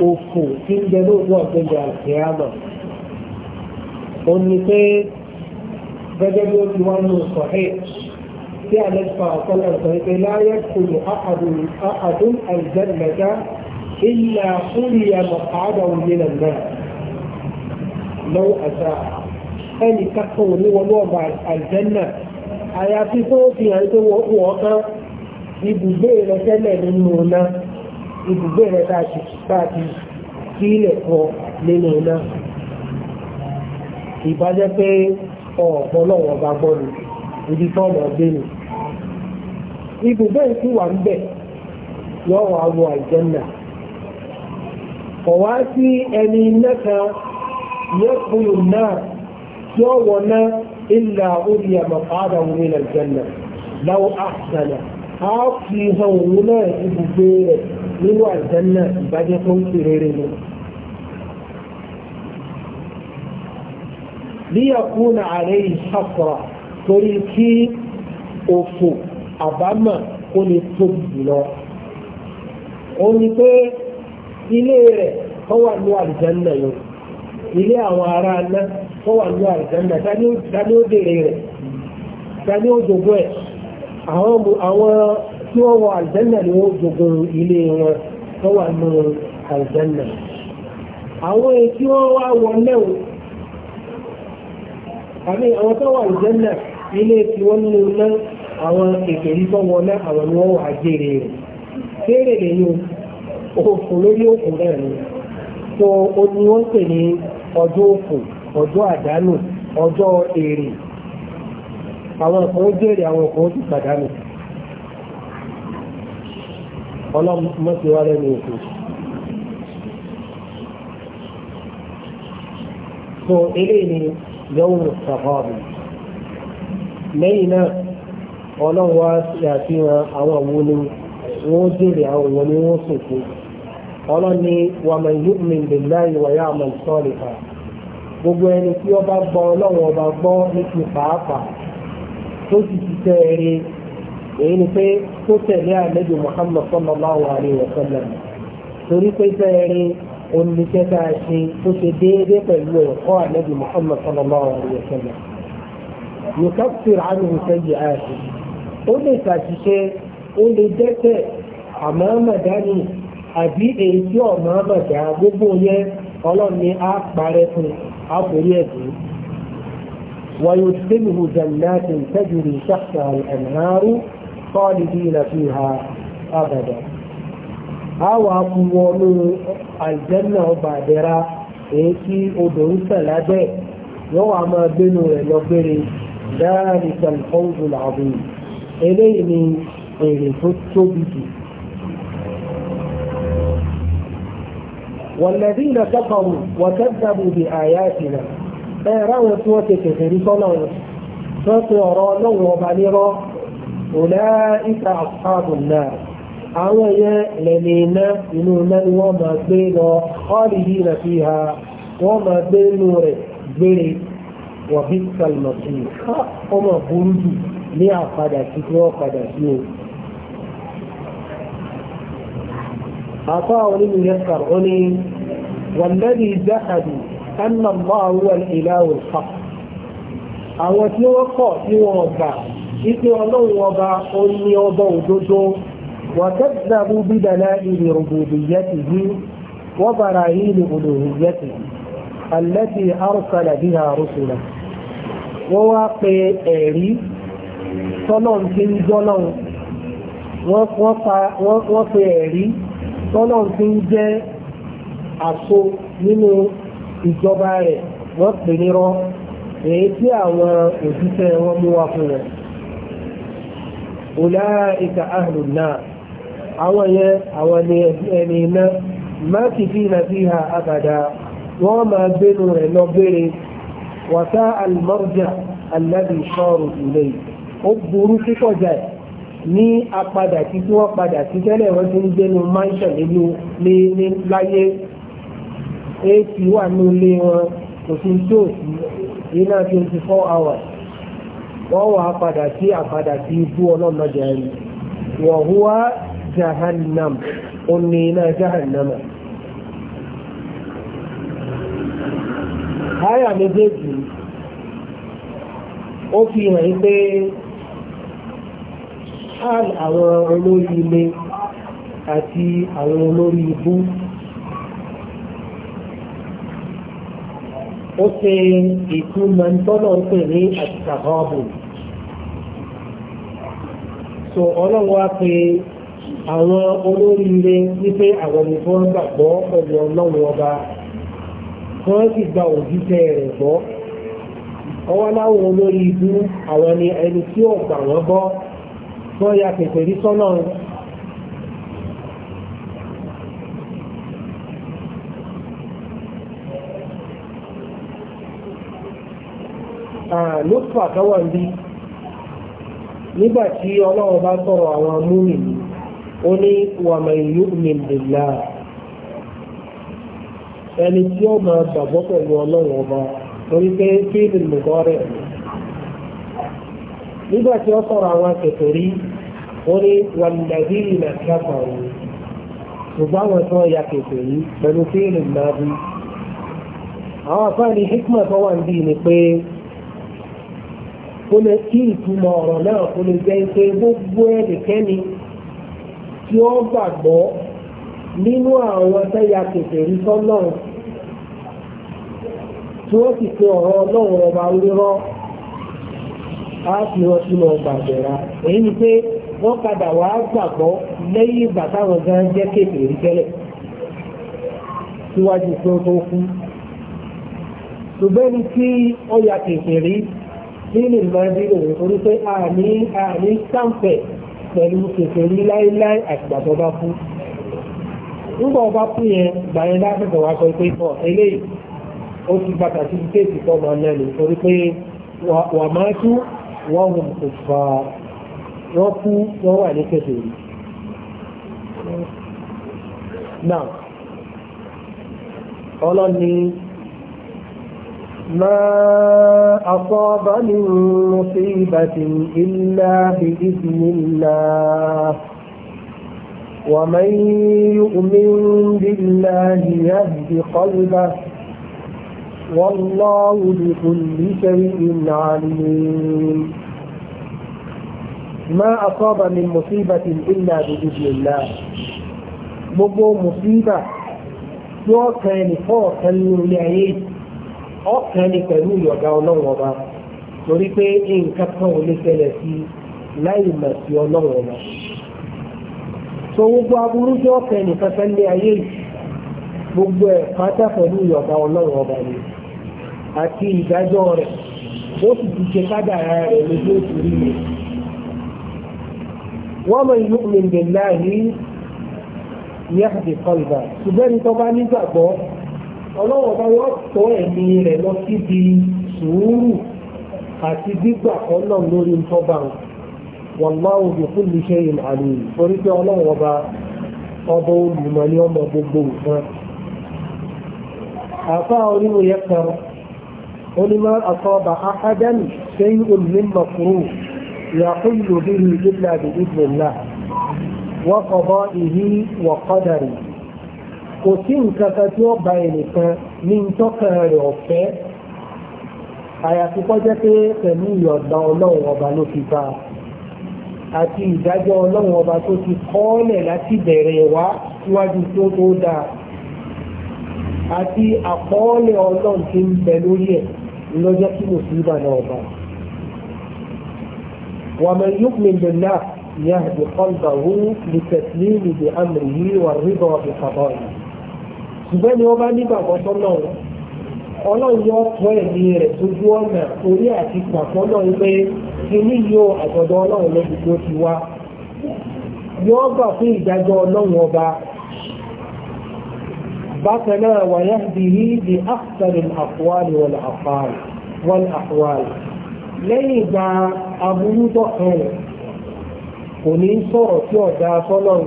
أفو في الجنوب وقتن جاء القيامة ونسي بجدوا الإيمان الصحيح في أن أجفع صلى الله لا يدخل أحد أحد الجنة إلا حري مقعده من النار لو أساء ẹnì kankan ò ní wọnú ọgbà àìjẹ́nà àyàfi tó fi hàn pé wọ́n kán ibùgbé rẹ tẹ́lẹ̀ nínú iná ibùgbé a ti sílẹ̀ kọ nínú iná ìbájẹ́ pé ọ̀pọ̀ náà wọ́n bá gbọ́ ibi tó ọ̀nà gbé ni ń bẹ̀ yọ̀ wà wọ kọ̀wá sí ẹni mẹ́ta yẹ́kùnlù náà tí ó wọ̀ náà ilà orí àmàfàdà òun ilẹ̀ jẹ́nà láwọ́ àṣàlẹ̀ a fi hàn òun náà ibùgbé rẹ̀ nínú àjẹ́nà ìbájẹ́ tó ń fi rere ni. ليكون عليه حسرة تركي أفو أباما قل الطب له قل ilé rẹ̀ kọ́ wà ní àlùjànnà yóò ilé àwọn ará aná kọ́ wà ní àlùjànnà tani ó dèrè rẹ̀ ó ẹ̀ àwọn tí wọ́n wọ ni wọ́n jogún ilé wọn kọ́ wà ní àlùjànnà àwọn tí wọ́n wá wọ lẹ́wọ̀n àmì àwọn tó wà àlùjànnà ilé tí wọ́n nínú náà àwọn ètò tó wọlé àwọn ni wọ́n wà òfun lórí òfun náà ni so ó ní wọ́n pè ní ọjọ́ ọdụ ọjọ́ àdánù ọjọ́ èrè àwọn ọ̀pọ̀ ó jèrè àwọn ó ti pàdánù so eléyìí ni yọ̀wùn sàkọ́ọ̀bù lẹ́yìn náà ọlọ́run wá ṣe àfihàn àwọn àwọn jèrè ọlọ́ni wàmọ̀ yu'min billahi wa ya'mal salihan gbogbo ẹni tí ó bá gbọ́ ọlọ́run ọba gbọ́ ní ti pàápàá tó sì ti tẹ́ ẹ̀rí èyí ni pé tó tẹ̀lé àlejò Muhammad sallallahu alaihi wa sallam torí pé tẹ́ ẹ̀rí oníṣẹ́ tá a ṣe tó ṣe déédéé pẹ̀lú ẹ̀kọ́ àlejò Muhammad sallallahu alaihi wa sallam yukaffir anhu sayyi'atihi ó lè ṣàṣìṣe ó lè dẹ́tẹ̀ àmọ́ àbí èyí tí ọ̀nà àbàjá gbogbo yẹn ọlọ́run ni á parẹ́ fún àforí ẹ̀dùn. ويدخله جنات تجري تحتها الأنهار خالدين فيها أبدا àwọn akúwọnú àìjẹ́nà ọba àdẹ́ra èyí tí odò ń tẹ̀ lábẹ́ yóò wá máa gbénu rẹ̀ lọ́gbẹ́rẹ́ dáàrí tẹ̀lifọ́ǹdù làwọn eléyìí ni èrè tó tóbi jù والذين كفروا وكذبوا بآياتنا أيروا توتك في صلاة فترى لهم بلغا أولئك أصحاب النار أولا لنينا إنونا وما بين خالدين فيها وما بين نور بري وبئس المصير وما برد لأقدسك وقدسك عطاء يذكر عني والذي جحدوا أن الله هو الإله الحق àwọn tí wọ́n kọ̀ tí wọ́n gbà ipe ọlọ́run ọba oní ọba òdodo wàtẹ́gbàbù bídàlá ìrìn rububiyyatihi wa barahini uluhiyyatihi allati arsala biha rusulahu wọ́n wá pe ẹ̀rí tọ́lọ́n tí ń jọ́lọ́n wọ́n pe ẹ̀rí tọ́nà ti ń jẹ́ àṣọ nínú ìjọba rẹ̀ wọ́n pè ní rọ́ èyí tí àwọn òṣìṣẹ́ wọn mú wá fún rẹ̀. Ulaika ahlun nar àwọn yẹn àwọn ẹni iná fi nà fi hà abàdà wọ́n máa gbénu rẹ̀ lọ gbére wàtá al-marja alladhi sọ́ọ̀rù ilé ó burú kíkọjá ẹ̀. ní apadà tí tí wọ́n padà sí tẹ́lẹ̀ wọ́n ti ń gbénu mansion nínú ní láyé ac wà ní ilé wọn kò sí tí ò sí iná twenty four hours wọ́n wà padà sí àpadà sí ibú ọlọ́mọdé rí wọ́n hùwà jahannam ó ní iná jahannam. Háyà méjèèjì ó fi hàn pé àwọn olórí ilé àti àwọn olórí ibú ó ṣe ìtumọ̀ tọ́lọ̀ ń pè ní àtìkàhọ́bù so ọlọ́run wá pé àwọn olórí ilé wípé àwọn nìkan gbàgbọ́ pẹ̀lú ọlọ́run ọba tí wọ́n sì gba òjíṣẹ́ rẹ̀ gbọ́ ọwọ́ láwọn olórí ibú àwọn ni ẹni tí ó gbà gbọ́ wọ́n ya pèpè rí sọ́nà ah, lókùn àtọwà ń bí nígbà tí ọlọ́run bá sọ̀rọ̀ àwọn múmi ni ó ní wàmọ̀ ìlú mìlìlá ẹni tí ó máa gbàgbọ́ pẹ̀lú ọlọ́run ọba torí pé fíìmù nìkan rẹ̀ ni nígbà tí ó sọ̀rọ̀ àwọn akẹ́kọ̀ọ́ rí ó ní wàlúùdàbí ìlà káfàá ṣùgbọ́n àwọn tó ya kẹ̀kẹ́ yìí pẹ̀lú fíìlì máa bí. àwọn àfáàní hikma tó wà níbí ni pé kó lè kí ìtumọ̀ ọ̀rọ̀ náà kó lè jẹ́ pé gbogbo ẹnìkẹ́ni tí ó gbàgbọ́ nínú àwọn tó ya kẹ̀kẹ́ yìí sọ́nà tí wọ́n sì pe ọ̀rọ̀ ọlọ́run ọba rírọ́ á fi wọn sínú ọgbà àbẹ̀rà èyí ni pé wọ́n padà wàá gbàgbọ́ lẹ́yìn ìgbà táwọn gan jẹ́ kéèké rí tẹ́lẹ̀ síwájú pé ó tó kú ṣùgbọ́n ní tí ó ya kéèké rí nínú ìmọ̀ẹ́bí òun torí pé àní àní sáǹfẹ̀ pẹ̀lú kéèké rí láéláé àtìgbà tó bá kú nígbà ọba kú yẹn gbàyẹn láfẹ́fẹ́ wá sọ pé ọ̀ eléyìí ó ti bàtà kéèké tó máa lẹ́nu torí pé wà máa tú wọ́n mú kò fà wọ́n kú wọ́n wà ní kékeré náà ọlọ́ni ما أصاب من مصيبة إلا بإذن الله ومن يؤمن بالله يهد قلبه والله بكل شيء عليم ما أصاب من مصيبة إلا بإذن الله gbogbo mùsíbà tí ọkàn ẹni fọ́ ọ̀kan ní orí ayé ọkàn ẹni pẹ̀lú ìyọ̀gá ọlọ́run ọba torí pé nǹkan kan ò lè ṣẹlẹ̀ sí láì mọ̀ sí ọlọ́run ọba. so gbogbo aburú tí ọkàn ẹni kankan ní ayé gbogbo ẹ̀ pátá pẹ̀lú ìyọ̀gá ọlọ́run ọba ni àti ìdájọ́ rẹ̀ ó sì ti ṣe kádàrá rẹ̀ lójú òṣèré rẹ̀. wọ́n mọ ìlú gbèǹdè láàyè ní àdè kọlbà ṣùgbọ́n ní tó bá nígbàgbọ́ ọlọ́wọ́ bá yọ tọ́ ẹ̀mí rẹ̀ lọ síbi sùúrù àti gbígbà ọ̀nà lórí ntọ́ba wallahu bi kulli shay'in alim torí pé ọlọ́wọ́ bá ọba olùmọ̀ ní ọmọ gbogbo nǹkan. àfa onímọ̀ yẹ kan onímọ̀ àkọ́bà ahadan ṣẹ́yìn omi mọ̀kúrú yàkúlù bí به إلا بإذن الله wọ́kọ̀bọ́ وقدره wọ̀kọ́dàrí kò sí nǹkan kan tí ó ba ẹnìkan ní tọ́kàn rẹ̀ ọ̀fẹ́ àyàfi kọjá pé pẹ̀lú ìyọ̀dá ọlọ́run ọba ló fi bá àti ìdájọ́ ọlọ́run ọba tó ti kọ́ọ́lẹ̀ láti bẹ̀rẹ̀ wá síwájú tó tó dáa àti àkọọ́lẹ̀ ọlọ́run ti ń bẹ lórí ẹ̀ lọ́jọ́ tí mo fi bá náà bá. ومن يؤمن بالله يهدي قلبه للتسليم بأمره والرضا بقضائه ṣùgbọ́n ni wọ́n bá nígbàgbọ́ sọ́nà rẹ̀ ọlọ́run yóò tọ́ ẹ̀mí rẹ̀ sójú ọ̀nà orí àti pàtó náà pé kíní yóò àtọ̀dọ̀ ọlọ́run lọ́dún tó ti wá yóò gbà fún ìdájọ́ ọlọ́run ọba بطنا ويهديه بأحسن الأقوال والأفعال والأحوال لين دا أبو دخل قولين صورة يودا صلوا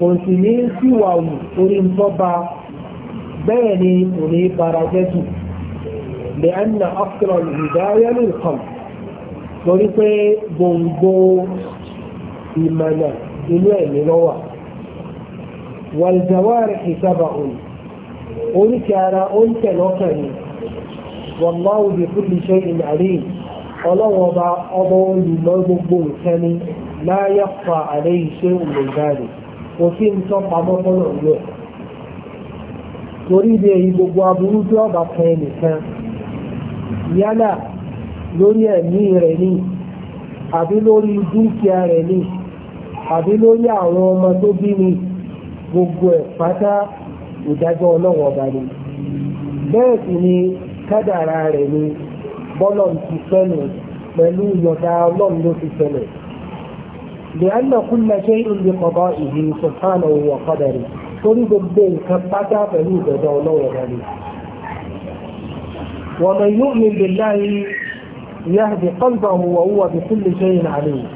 قولين سواو قولين صبا بيني قولين برجته لأن أصل الهداية للخلق torí pé gbòǹgbò ìmọ̀nà inú ẹ̀mí lọ́wọ́ والجوارح سبع أولك على أنت لقني والله بكل شيء عليم ولو وضع أضل مضب ثاني لا يخفى عليه شيء من ذلك وفي مصطفى مطلع له torí bí èyí gbogbo aburú tí ọba kan ẹnìkan yálà lórí ẹ̀mí rẹ̀ ni àbí lórí dúkìá rẹ̀ ni àbí lórí àwọn gbogbo ẹ̀ pátá ìdájọ́ ọlọ́wọ́ ọba ni bẹ́ẹ̀ sì ni kádàrá rẹ̀ ni bọ́lọ̀ ti fẹ́nu pẹ̀lú yọ̀dá ọlọ́run ló ti fẹ́lẹ̀ لأن كل شيء بقضائه سبحانه وقدره torí gbogbo nǹkan pátá pẹ̀lú ìgbẹ̀dọ̀ ọlọ́wọ̀ rẹ̀ ni. ومن يؤمن بالله يهدي قلبه وهو بكل شيء عليم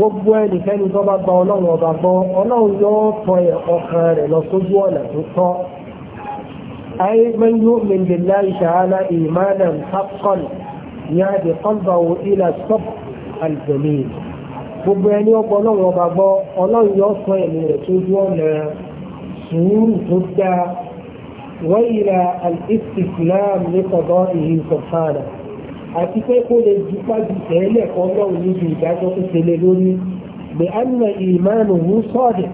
gbogbo ẹnikẹ́ni tó bá gba ọlọ́run ọba gbọ́ ọlọ́run yóò tọ́ ọkàn rẹ̀ lọ sójú ọ̀nà tó tọ́ ayé man yu'min billahi ta'ala imanan haqqan yahdi qalbahu ila sabr al-jamil gbogbo ẹni ọgbọ ọlọ́run ọba gbọ́ ọlọ́run yóò tọ́ ẹ̀mí rẹ̀ sójú ọ̀nà sùúrù tó dáa wa ila al-istislam li qada'ihi subhanahu àti pé kó lè jupá ju tẹ́lẹ̀ kan náà níbi ìdájọ́ tó tẹ́lẹ̀ lórí lè ánà ìmánu hù sọ́ọ̀dẹ̀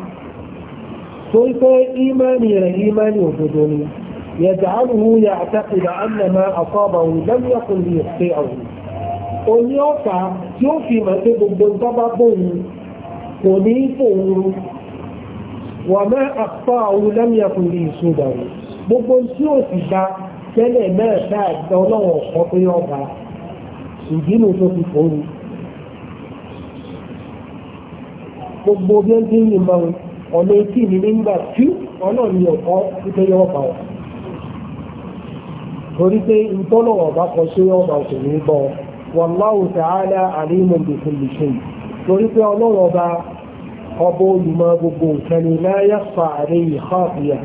tó ń pé ìmánì rẹ̀ ìmánì òdodo ni yẹ̀dàánù yà àtàkùnà ánàmà àkọ́bàwù lẹ́mìọ̀kùn lè ṣe àwọn àwọn gbogbo tí ó sì gba tẹ́lẹ̀ náà dáadáa ọlọ́wọ̀ ọ̀pọ̀ pé ọba ìdínú tó fi fòrò gbogbo bí ó ti ń yìnbà ọ̀nà etí mi nígbà tí ọ̀nà mi ọ̀kọ́ wípé yọ ọ̀bà ọ̀ torí pé ìtọ́nà ọ̀bá kan ṣe ọ̀bà kò ní bọ̀ wallahu ta'ala alimun bi kulli shay torí pé ọlọ́run ọba ọba olùmọ̀ gbogbo nǹkan ni la yakhfa alayhi khafiya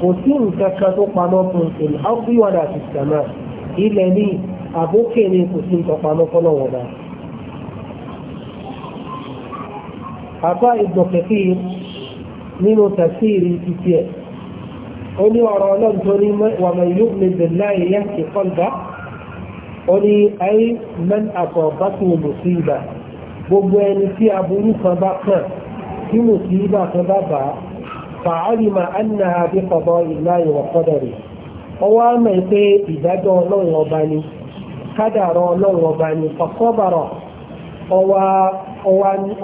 kò sí nǹkan kan tó pamọ́ fún ìlú áfíwádà ti sàmà ilẹ̀ ní àbókè ni kò sí ìtọ̀pamọ́ fọ́lọ́wọ́ bá. àbá ìgbọ̀kẹ̀kì nínú tàṣírí títí ẹ̀ ó ní ọ̀rọ̀ ọlọ́run tó ní wàmọ̀ ìlú mẹ́bẹ̀láì yá sí kọ́ńdà ó ní ayé mẹ́n àtọ̀ bá tún wò sí ibà gbogbo ẹni tí aburú kan bá kàn tí mo sì ibà kan bá bàá فعلم أنها بقضاء الله وقدره هو ما يقول إذا دون الله kádàrọ ọlọ́run ọba ni fàkọ́bàrọ̀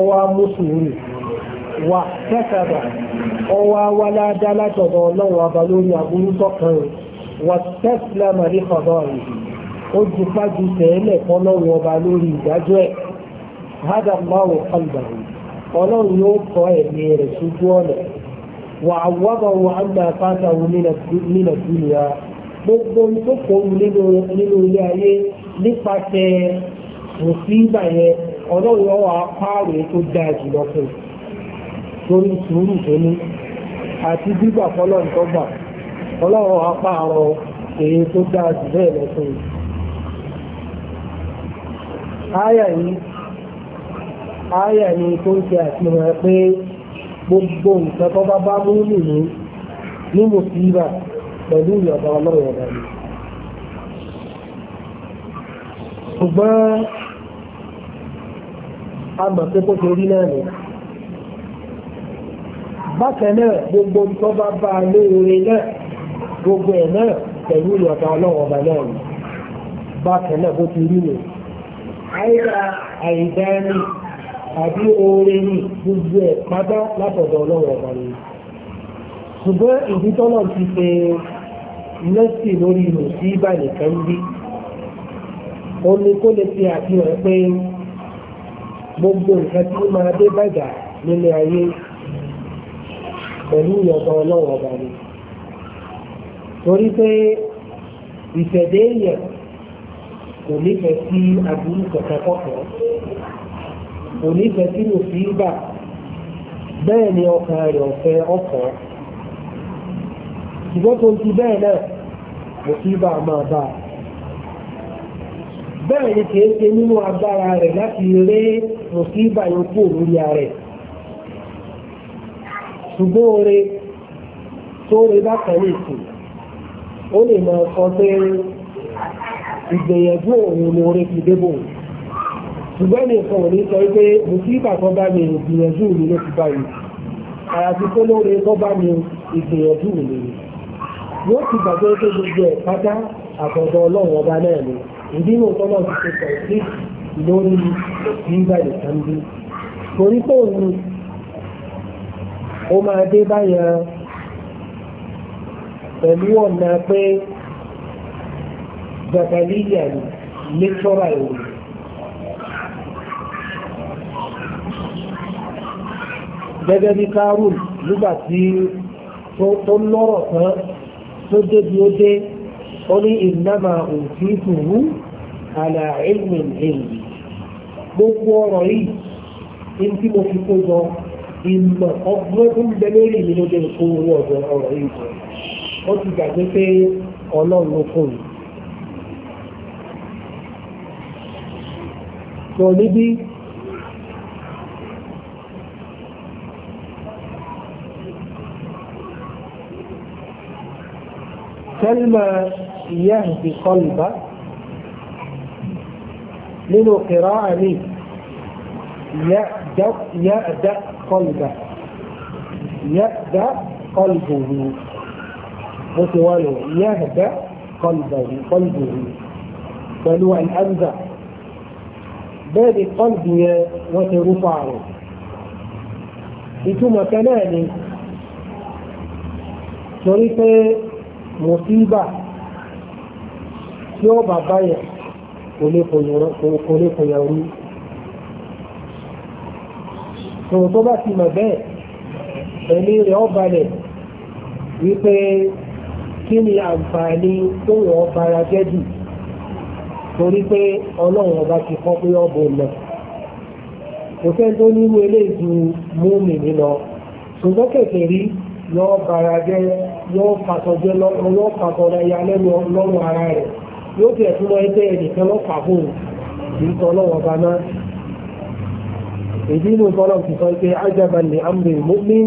ọwá mùsùlùmí wà kẹsàbà ọwá wáládá látọ̀dọ̀ ọlọ́run ọba lórí aburú tọkàn wà tẹ́sílẹ̀ màrí kọ̀dọ̀ rẹ̀ ó ju pájú tẹ́lẹ̀ fọlọ́run ọba lórí ìdájọ́ ẹ̀ hádà máwò kọlbà ọlọ́run yóò kọ́ ẹ̀mí rẹ̀ sójú ọ̀nà wà àwọ̀bọ̀ wà á gbà fáta nínú dúnìyà gbogbo tó kọlu nínú ilé ayé nípasẹ̀ mùsíbà yẹn ọlọ́run ọwọ́ apáàrọ̀ tó dáa jùlọ fún un sùúrù tó ní àti gbígbà fọlọ́n ìtọ́gbà gbà ọlọ́run èyí tó dáa jù bẹ́ẹ̀ fún un. yìí tó ń ṣe àfihàn pé gbogbo nǹkan tó bá bá mú nìyí ní pẹ̀lú ìyọ̀dọ̀ ọlọ́run ọ̀dà ni. ṣùgbọ́n a mọ̀ pé kó ṣe rí náà ni. bákan náà gbogbo tó bá bá a lóore náà gbogbo ẹ̀ náà pẹ̀lú ìyọ̀dọ̀ ọlọ́run ọ̀dà náà ni. bákan náà bó ti rí ni. àìsà àìdáni àbí oore ni gbogbo ẹ̀ pátá látọ̀dọ̀ ọlọ́run ọ̀dà ṣùgbọ́n ìdí ti ṣe nọ́ọ̀sì lórí mùsíbà nìkan bí ó ní kó lè fi àfihàn pé gbogbo nǹkan tí máa dé bàjá nílé ayé pẹ̀lú ìyọ̀kan ọlọ́wọ̀ ọba ni torí pé ìṣẹ̀dé èèyàn kò nífẹ̀ẹ́ sí aburú kankan kọ̀ọ̀kan kò nífẹ̀ẹ́ sí mùsíbà bẹ́ẹ̀ ni ọkàn rẹ̀ ọ̀fẹ́ ọkàn ṣùgbọ́n tó ti bẹ́ẹ̀ náà kò sí bá a máa bá a. bẹ́ẹ̀ ni kìí ṣe nínú agbára rẹ̀ láti ré mùsíbà yòókù lórí ara ẹ̀. ṣùgbọ́n oore tó re bákan ní ìsìn ó lè máa sọ pé ìgbìyànjú òun ni oore fi débò ṣùgbọ́n ní nǹkan ò sọ pé mùsíbà kan bá mi ìgbìyànjú mi ló ti báyìí àyàfi kó lóore tó bá mi ìgbìyànjú mi nìyí yóò ti gbàgbé pé gbogbo ẹ̀ pátá àtọ̀dọ̀ ọlọ́run ọba náà ni ìdí mò ń tọ́ náà ti ṣe pẹ̀lú lórí gbígbà nìkan bí torí pé òun ó máa dé báyẹn pẹ̀lú ọ̀nà pé gbàgbàlíyà ni lẹ́tọ́rà ìwé gẹ́gẹ́ bí kárùn nígbà tí tó lọ́rọ̀ tán tó débi ó dé ó ní ìnáma òfin tùrú àlà ìlmì ìlmì gbogbo ọ̀rọ̀ yìí ní tí mo fi kó jọ ìmọ̀ ọgbọ́n tó ń bẹ lórí mi ló dé kó owó ọ̀dọ̀ ọ̀rọ̀ yìí jọ ó ti gbàgbé pé ọlọ́run ló fún mi. كلمة يهدي قلبه من قراءة لي يأدأ يأدأ قلبه يأدأ قلبه وسواله يهدأ قلبه قلبه فلو الأمزع باب القلب وترفعه لتما كناني شريفة mùsíbà tí ó bá báyà kò lè kòyàn rú tòun tó bá ti mọ̀ bẹ́ẹ̀ ẹ̀mí rẹ̀ ó balẹ̀ wípé kí ni àǹfààní tó wọ́n bara jẹ́ jù torí pé ọlọ́run ọba ti kọ́ pé ọbọ̀ lọ kò fẹ́ tó nínú eléyìí múmi nínú ṣùgbọ́n kẹ̀kẹ́ rí lọ́ọ́ bara jẹ́ yóò fàtọ̀jẹ́ yóò fàtọ̀rọ̀ ẹ̀yà lẹ́nu lọ́rùn ara rẹ̀ yóò fi ẹ̀tún lọ́ọ́ ẹgbẹ́ ẹnìkan lọ́fà fún un ìtọ́ lọ́wọ́ bá náà èdè inú tọ́lọ̀ ti sọ pé ajaban li amri mu'min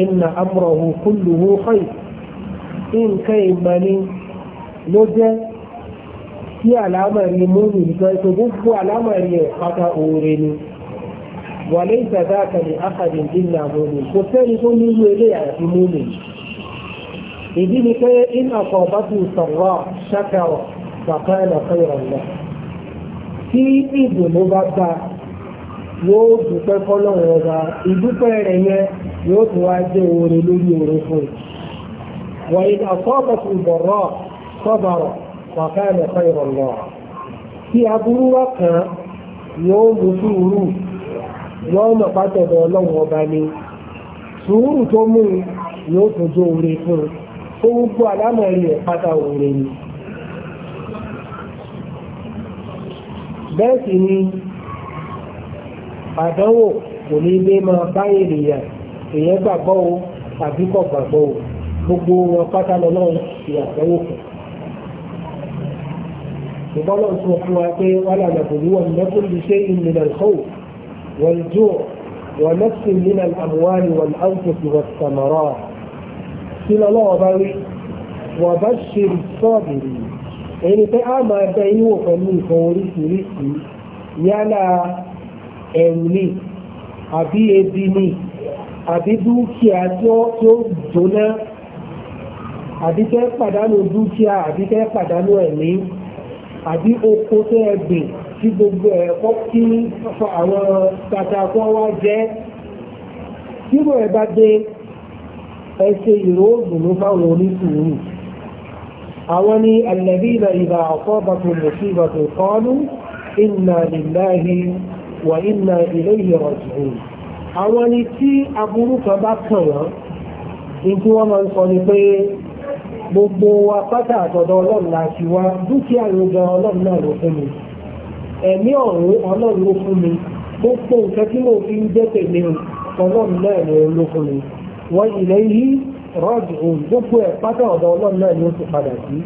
inna amrahu kulluhu khayr nǹkan ìmọ̀ni ló jẹ́ kí àlámọ̀rí múmi nìkan tó gbogbo àlámọ̀rí ẹ̀ pátá oore ni wà lẹ́yìn tàdákà ní akadì illa múmi kò sẹ́ni tó nílò ilé àti múmi ìdí ni pé iná kọ̀ọ̀bá ti sọ̀rọ̀ ṣákàrọ̀ bàbá ẹ̀lọ́kọ̀ ìrọ̀lẹ́ tí ìdùnnú bá bá yóò dúpẹ́ fọ́lọ́run ọba ìdúpẹ́ rẹ̀ yẹn yóò tún wá jẹ́ oore lórí oore fún un wà ní àkọ́bọ̀ tó bọ̀rọ̀ sọ́bàrọ̀ bàbá ẹ̀lọ́kọ̀ ìrọ̀lẹ́ tí aburú wá kàn yóò mú sùúrù yóò mọ̀ pátọ̀dọ̀ ọlọ́run ọba ni sùúrù tó mú yóò tún jẹ́ oore fún un ó gbogbo àlámọ̀ rẹ̀ pátá òwúrẹ́ ni. bẹ́ẹ̀ sì ni àdánwò kò ní lé máa bá ènìyàn èèyàn gbàgbọ́ o tàbí kò gbàgbọ́ o gbogbo wọn pátá lọ́lọ́run ti àdánwò kù. ṣùgbọ́n lọ́n sọ fún wa pé wàhálà nàbòlú wọn lẹ́kùn lè ṣe ìmìnà ìkọ́wò wọ́n jù wọ́n lẹ́sìn nínú àmúwárì wọ́n áwùjọ sí wọ́n sàmọ́rọ́ kí lọ́wọ́ bá rí wà bá ṣe sọ́ọ̀bìrì ẹni pé a máa bẹ inú pẹ̀lú nǹkan oríṣiríṣi yálà ẹ̀rù ni àbí ebi ni àbí dúkìá tí ó jóná àbí tẹ́ pàdánù dúkìá àbí tẹ́ pàdánù ẹ̀mí àbí oko tẹ́ ẹgbìn tí gbogbo ẹ̀kọ́ kí àwọn katakọ́ wá jẹ́ ẹ ṣe ìró òdùnú fáwọn onísùúrù àwọn ni alladhina idha asabathum musibatun qalu inna lillahi wa inna ilayhi raji'un àwọn ni tí aburú kan bá kàn wọ́n ìtú wọ́n máa ń sọ ni pé gbogbo wa pátá àtọ̀dọ̀ ọlọ́run dúkìá ìrògbà ọlọ́run wọ́n ilẹ̀ yìí rọ́jù òun gbogbo ẹ̀ pátá ọ̀dọ̀ ọlọ́run náà ni ó ti padà sí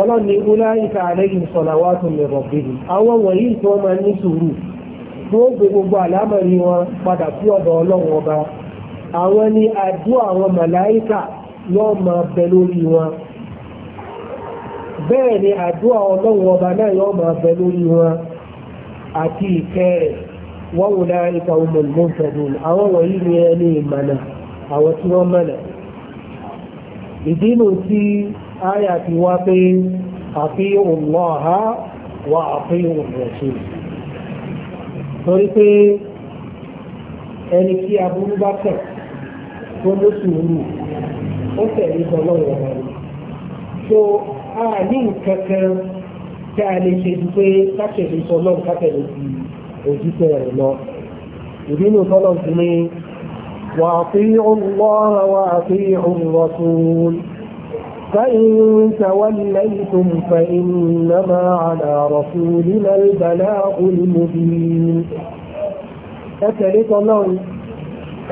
ọlọ́run ni uláyíká àlẹ́yìn sọ̀làwátù mẹ́rọ̀bìnrin àwọn wọ̀nyí wọn ni wọn وأولئك هم المهتدون أو وإن يعني منا أو سوى منا ìdínú tí áyà ti wá pé àfihàn lọ́ha wà àfihàn rẹ̀ṣẹ̀ torí pé ẹni tí aburú bá tẹ̀ tó ló sùúrù ó tẹ̀lé tọ́lọ́ ìrọ̀lẹ́ so a ní nǹkan kan tí a lè ṣe ju pé káṣẹ̀lẹ̀ tọ́lọ́ káṣẹ̀lẹ̀ sí òjíṣẹ́ rẹ̀ lọ ìbínú tọ́lọ̀ sí ni wà fi ọlọ́ra wà fi ọlọ́tún فإن توليتم فإنما على رسولنا البلاغ المبين ẹtẹ̀lé tọ́lọ́run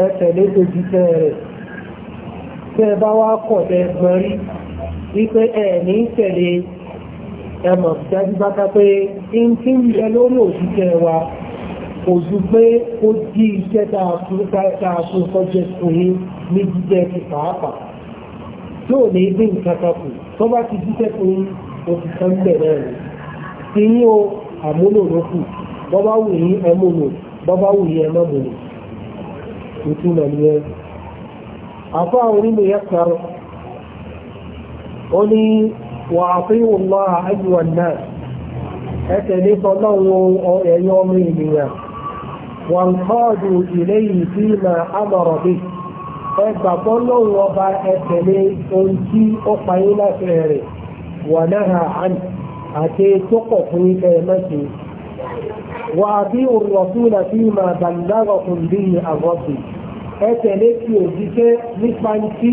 ẹtẹ̀lé tójútẹ́ rẹ̀ tẹ́ bá wá kọ̀ tẹ́ gbọ́n wípé ẹ̀ ní tẹ̀lé ẹ mọ̀ dájú bákà pé n tí ń yẹ lórí òṣìṣẹ́ wa kò ju pé ó di iṣẹ́ tá a fún sọ́jẹ́ fún yín ní jíjẹ́ ti pàápàá tí ò ní bí nǹkan kan kù tó bá ti jíjẹ́ fún yín ó ti tán bẹ̀rẹ̀ rẹ̀ ti yín o àmúlò ló kù bọ́bá wù yín ẹ mú lò bọ́bá wù yín ẹ mọ̀ mú lò ìtumọ̀ nìyẹn. àfọ àwọn onímọ̀ yẹn kan ó ní. وأطيعوا الله أيها الناس أتلف الله يوم الدنيا وانقادوا إليه فيما أمر به ẹgbàgbọ́ lọ́wọ́ ọba ẹ̀tẹ̀lé ohun tí ó payé láti rẹ̀ wà náà àní àti tó pọ̀ fún ilẹ̀ mẹ́sìn wà bí òrùlọ́sùnà tí máa bàlágọ̀kùn bí àgọ́sì ẹ̀tẹ̀lé tí òjíṣẹ́ nípa tí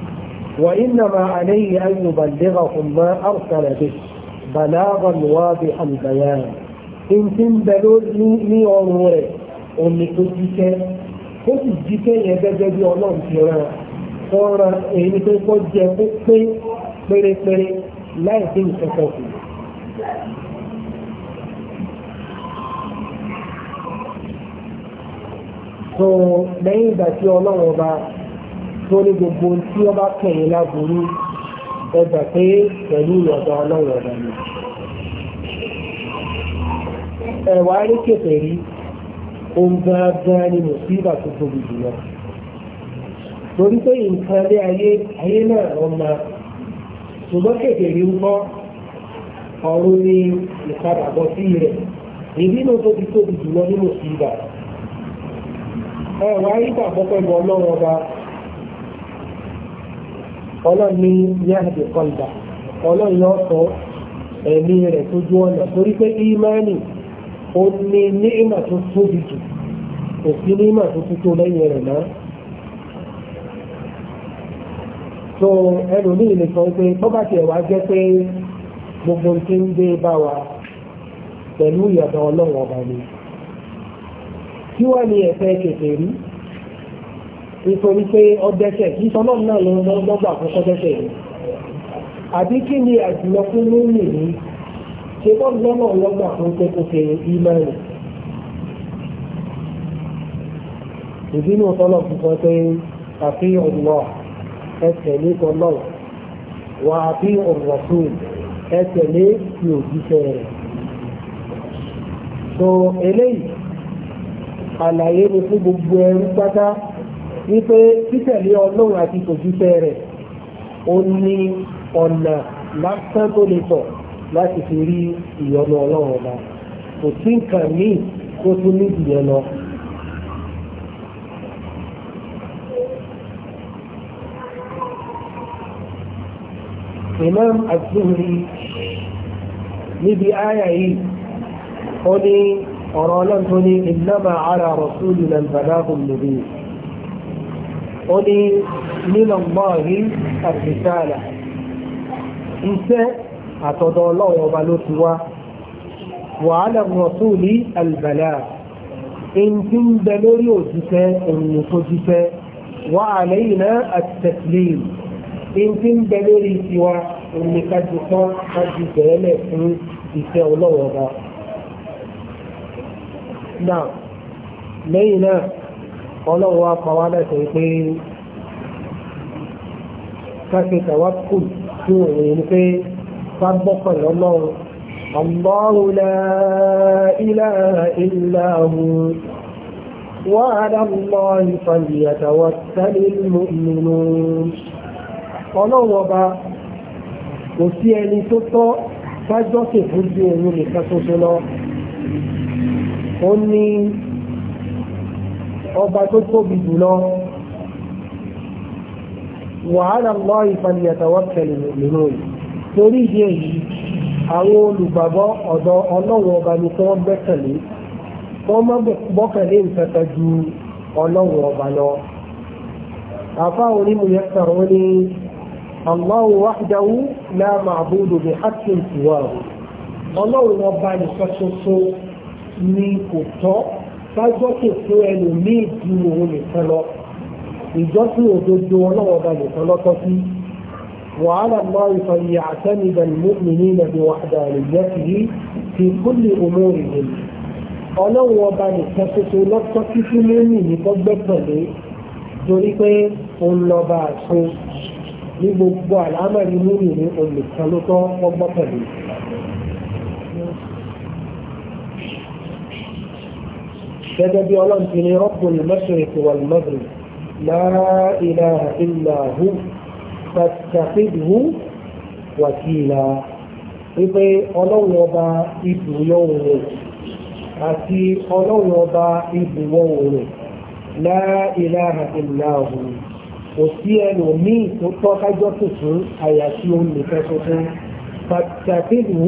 وإنما عليه أن يبلغهم ما أرسل به بلاغا واضحا بيانا إن تنبلوا لي أموري أمي تجيك تجيك يجب يولون كيران kọ́ra èyí tó kọ́ jẹ tó pé pérépéré láì sí ìṣẹ́kọ̀ kù. So lẹ́yìn ìgbà tí ọlọ́run ọba tó ní gbogbo tí wọ́n bá kẹ̀yìn láburú ẹgbà pé pẹ̀lú ìyọ̀dọ̀ ọlọ́run ọ̀dọ̀ ni. ẹ̀wà rí kẹfẹ́ rí ohun gangan ni mùsíbà tó tóbi jùlọ. torí pé nǹkan lé ayé ayé náà ọmọ ṣùgbọ́n kẹfẹ́ rí ń kọ́ ọ̀run ní ìpadàbọ̀ sí rẹ̀ ìbínú tó ti tóbi jùlọ ní mùsíbà. ẹ̀wà rí bàbọ́ pẹ̀lú ọlọ́run ọba ọlọ́run ní yáàdì kọlbà ọlọ́run yóò sọ ẹ̀mí rẹ̀ tójú ọ̀nà torí pé ìmánì ó ní ní ìmà tó tóbi jù kò sí ní ìmà tó tútó lẹ́yìn rẹ̀ náà so ẹlòmíì lè sọ pé tó bá tiẹ̀ wá jẹ́ pé gbogbo tí ń dé bá wa pẹ̀lú ìyàtọ̀ ọlọ́run ọba ni kí wá ní ẹ̀fẹ́ kékeré nítorí pé ọdẹ́sẹ̀ kí sọlọ́run náà ló ń lọ́gbà fún sọdẹ́sẹ̀ yìí àbí kí ni àjùlọ fún lónìí yìí ṣe bọ́ lọ́nà lọ́gbà fún pé kò ṣe ìmọ̀ rẹ̀ ìbínú sọlọ́ fi sọ pé àfi ọ̀nà ẹsẹ̀ ní sọlọ́ wà àfi ọ̀rọ̀ fún ẹsẹ̀ ní ti òjíṣẹ́ rẹ̀ so eléyìí àlàyé ni fún gbogbo ẹrú pátá wípé títẹ̀lé ọlọ́run àti tòjúfẹ́ rẹ̀ ó ní ọ̀nà lásán tó lè tọ̀ láti fi rí ìyọ́nú ọlọ́run ọba kò sí nǹkan míì tó tún ní ìyẹn lọ. Imam az níbi áyà yìí ó ní ọ̀rọ̀ ọlọ́run tó ní innama ala rasulina al-balagh al-mubin ó ní nínú mọ́ọ̀rí àrìsáàlà iṣẹ́ àtọ̀dọ̀ ọlọ́run ọba ló ti wá wàhálà rọ̀túlì albàlá in ti ń bẹ lórí òjíṣẹ́ òyìn tó jíṣẹ́ wà àlẹ́yìnà àtẹ̀sílìm in ti ń bẹ lórí tiwa òyìn kájú bẹ̀rẹ̀ fún iṣẹ́ ọlọ́run ọba. náà lẹ́yìn náà ọlọ́run wa pa wá lẹ́sẹ̀ pé káṣe tàwa kù sí òun ni pé ká gbọ́kàn lọ́lọ́run Allahu la ilaha illa hu وعلى الله فليتوكل المؤمنون ọlọ́run ọba kò sí ẹni tó tọ́ fájọ́sìn fún bí òun nìkan ṣoṣo lọ ọba tó tóbi jùlọ wàhálà lọ ìfàlìyàtàwọ́ tẹ̀lé lérò yìí torí ìdí èyí àwọn olùgbàgbọ́ ọ̀dọ̀ ọlọ́run ọba ni kí wọ́n gbẹ́kẹ̀lé kí wọ́n má gbọ́kẹ̀lé nǹkan kan ju ọlọ́run ọba lọ. àfa onímù yẹn sọ̀rọ̀ ní Allahu wahdahu la ma'budu bi haqqin siwahu ọlọ́run ọba nìkan ṣoṣo ni kò tọ́ kájọ́sìn fún ẹlòmíì ju òun nìkan lọ ìjọsìn òdodo ọlọ́wọ́ ba nìkan lọ́tọ́ sí وعلى الله فليعتمد المؤمنين بوحدانيته في كل أمورهم ọlọ́run ọba nìkan ṣoṣo lọ́tọ́ títí lórí ìgbọ́gbẹ́pẹ̀lé torí pé òun lọ́ba àṣọ ní gbogbo àlámọ̀rí lórí ìrìn olùkan ló tọ́ gẹ́gẹ́ bí ọlọ́run ti ní Rabbul mashriqi wal maghrib la ilaha illa hu fattakhidhu wakila wípé ọlọ́run ọba ibùyọ̀ òun àti ọlọ́run ọba ibùwọ̀ òun la ilaha illa hu kò sí ẹlòmíì tó tọ́ kájọ́ tuntun àyàfi òun nìkan tuntun fattakhidhu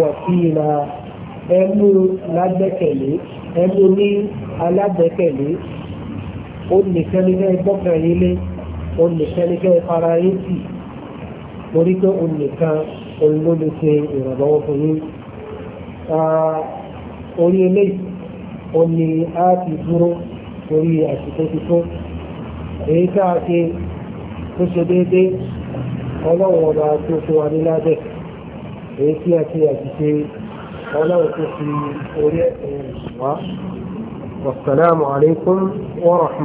wakila ẹmú lágbẹ́kẹ̀lé ẹmú ní alágbẹ́kẹ̀lé ó nìkan ní kẹ́ gbọ́kàn yín lé ó nìkan ní kẹ́ fara yín tì torí pé ó nìkan òun ló lè ṣe ìrànlọ́wọ́ fún yín. orí eléyìí ó ní a ti dúró torí àsìkò tuntun èyí tá a ṣe tó ṣe déédéé ọlọ́run ọba tó fún wa ní lábẹ́ èyí tí a ṣe àṣìṣe. والسلام عليكم ورحمة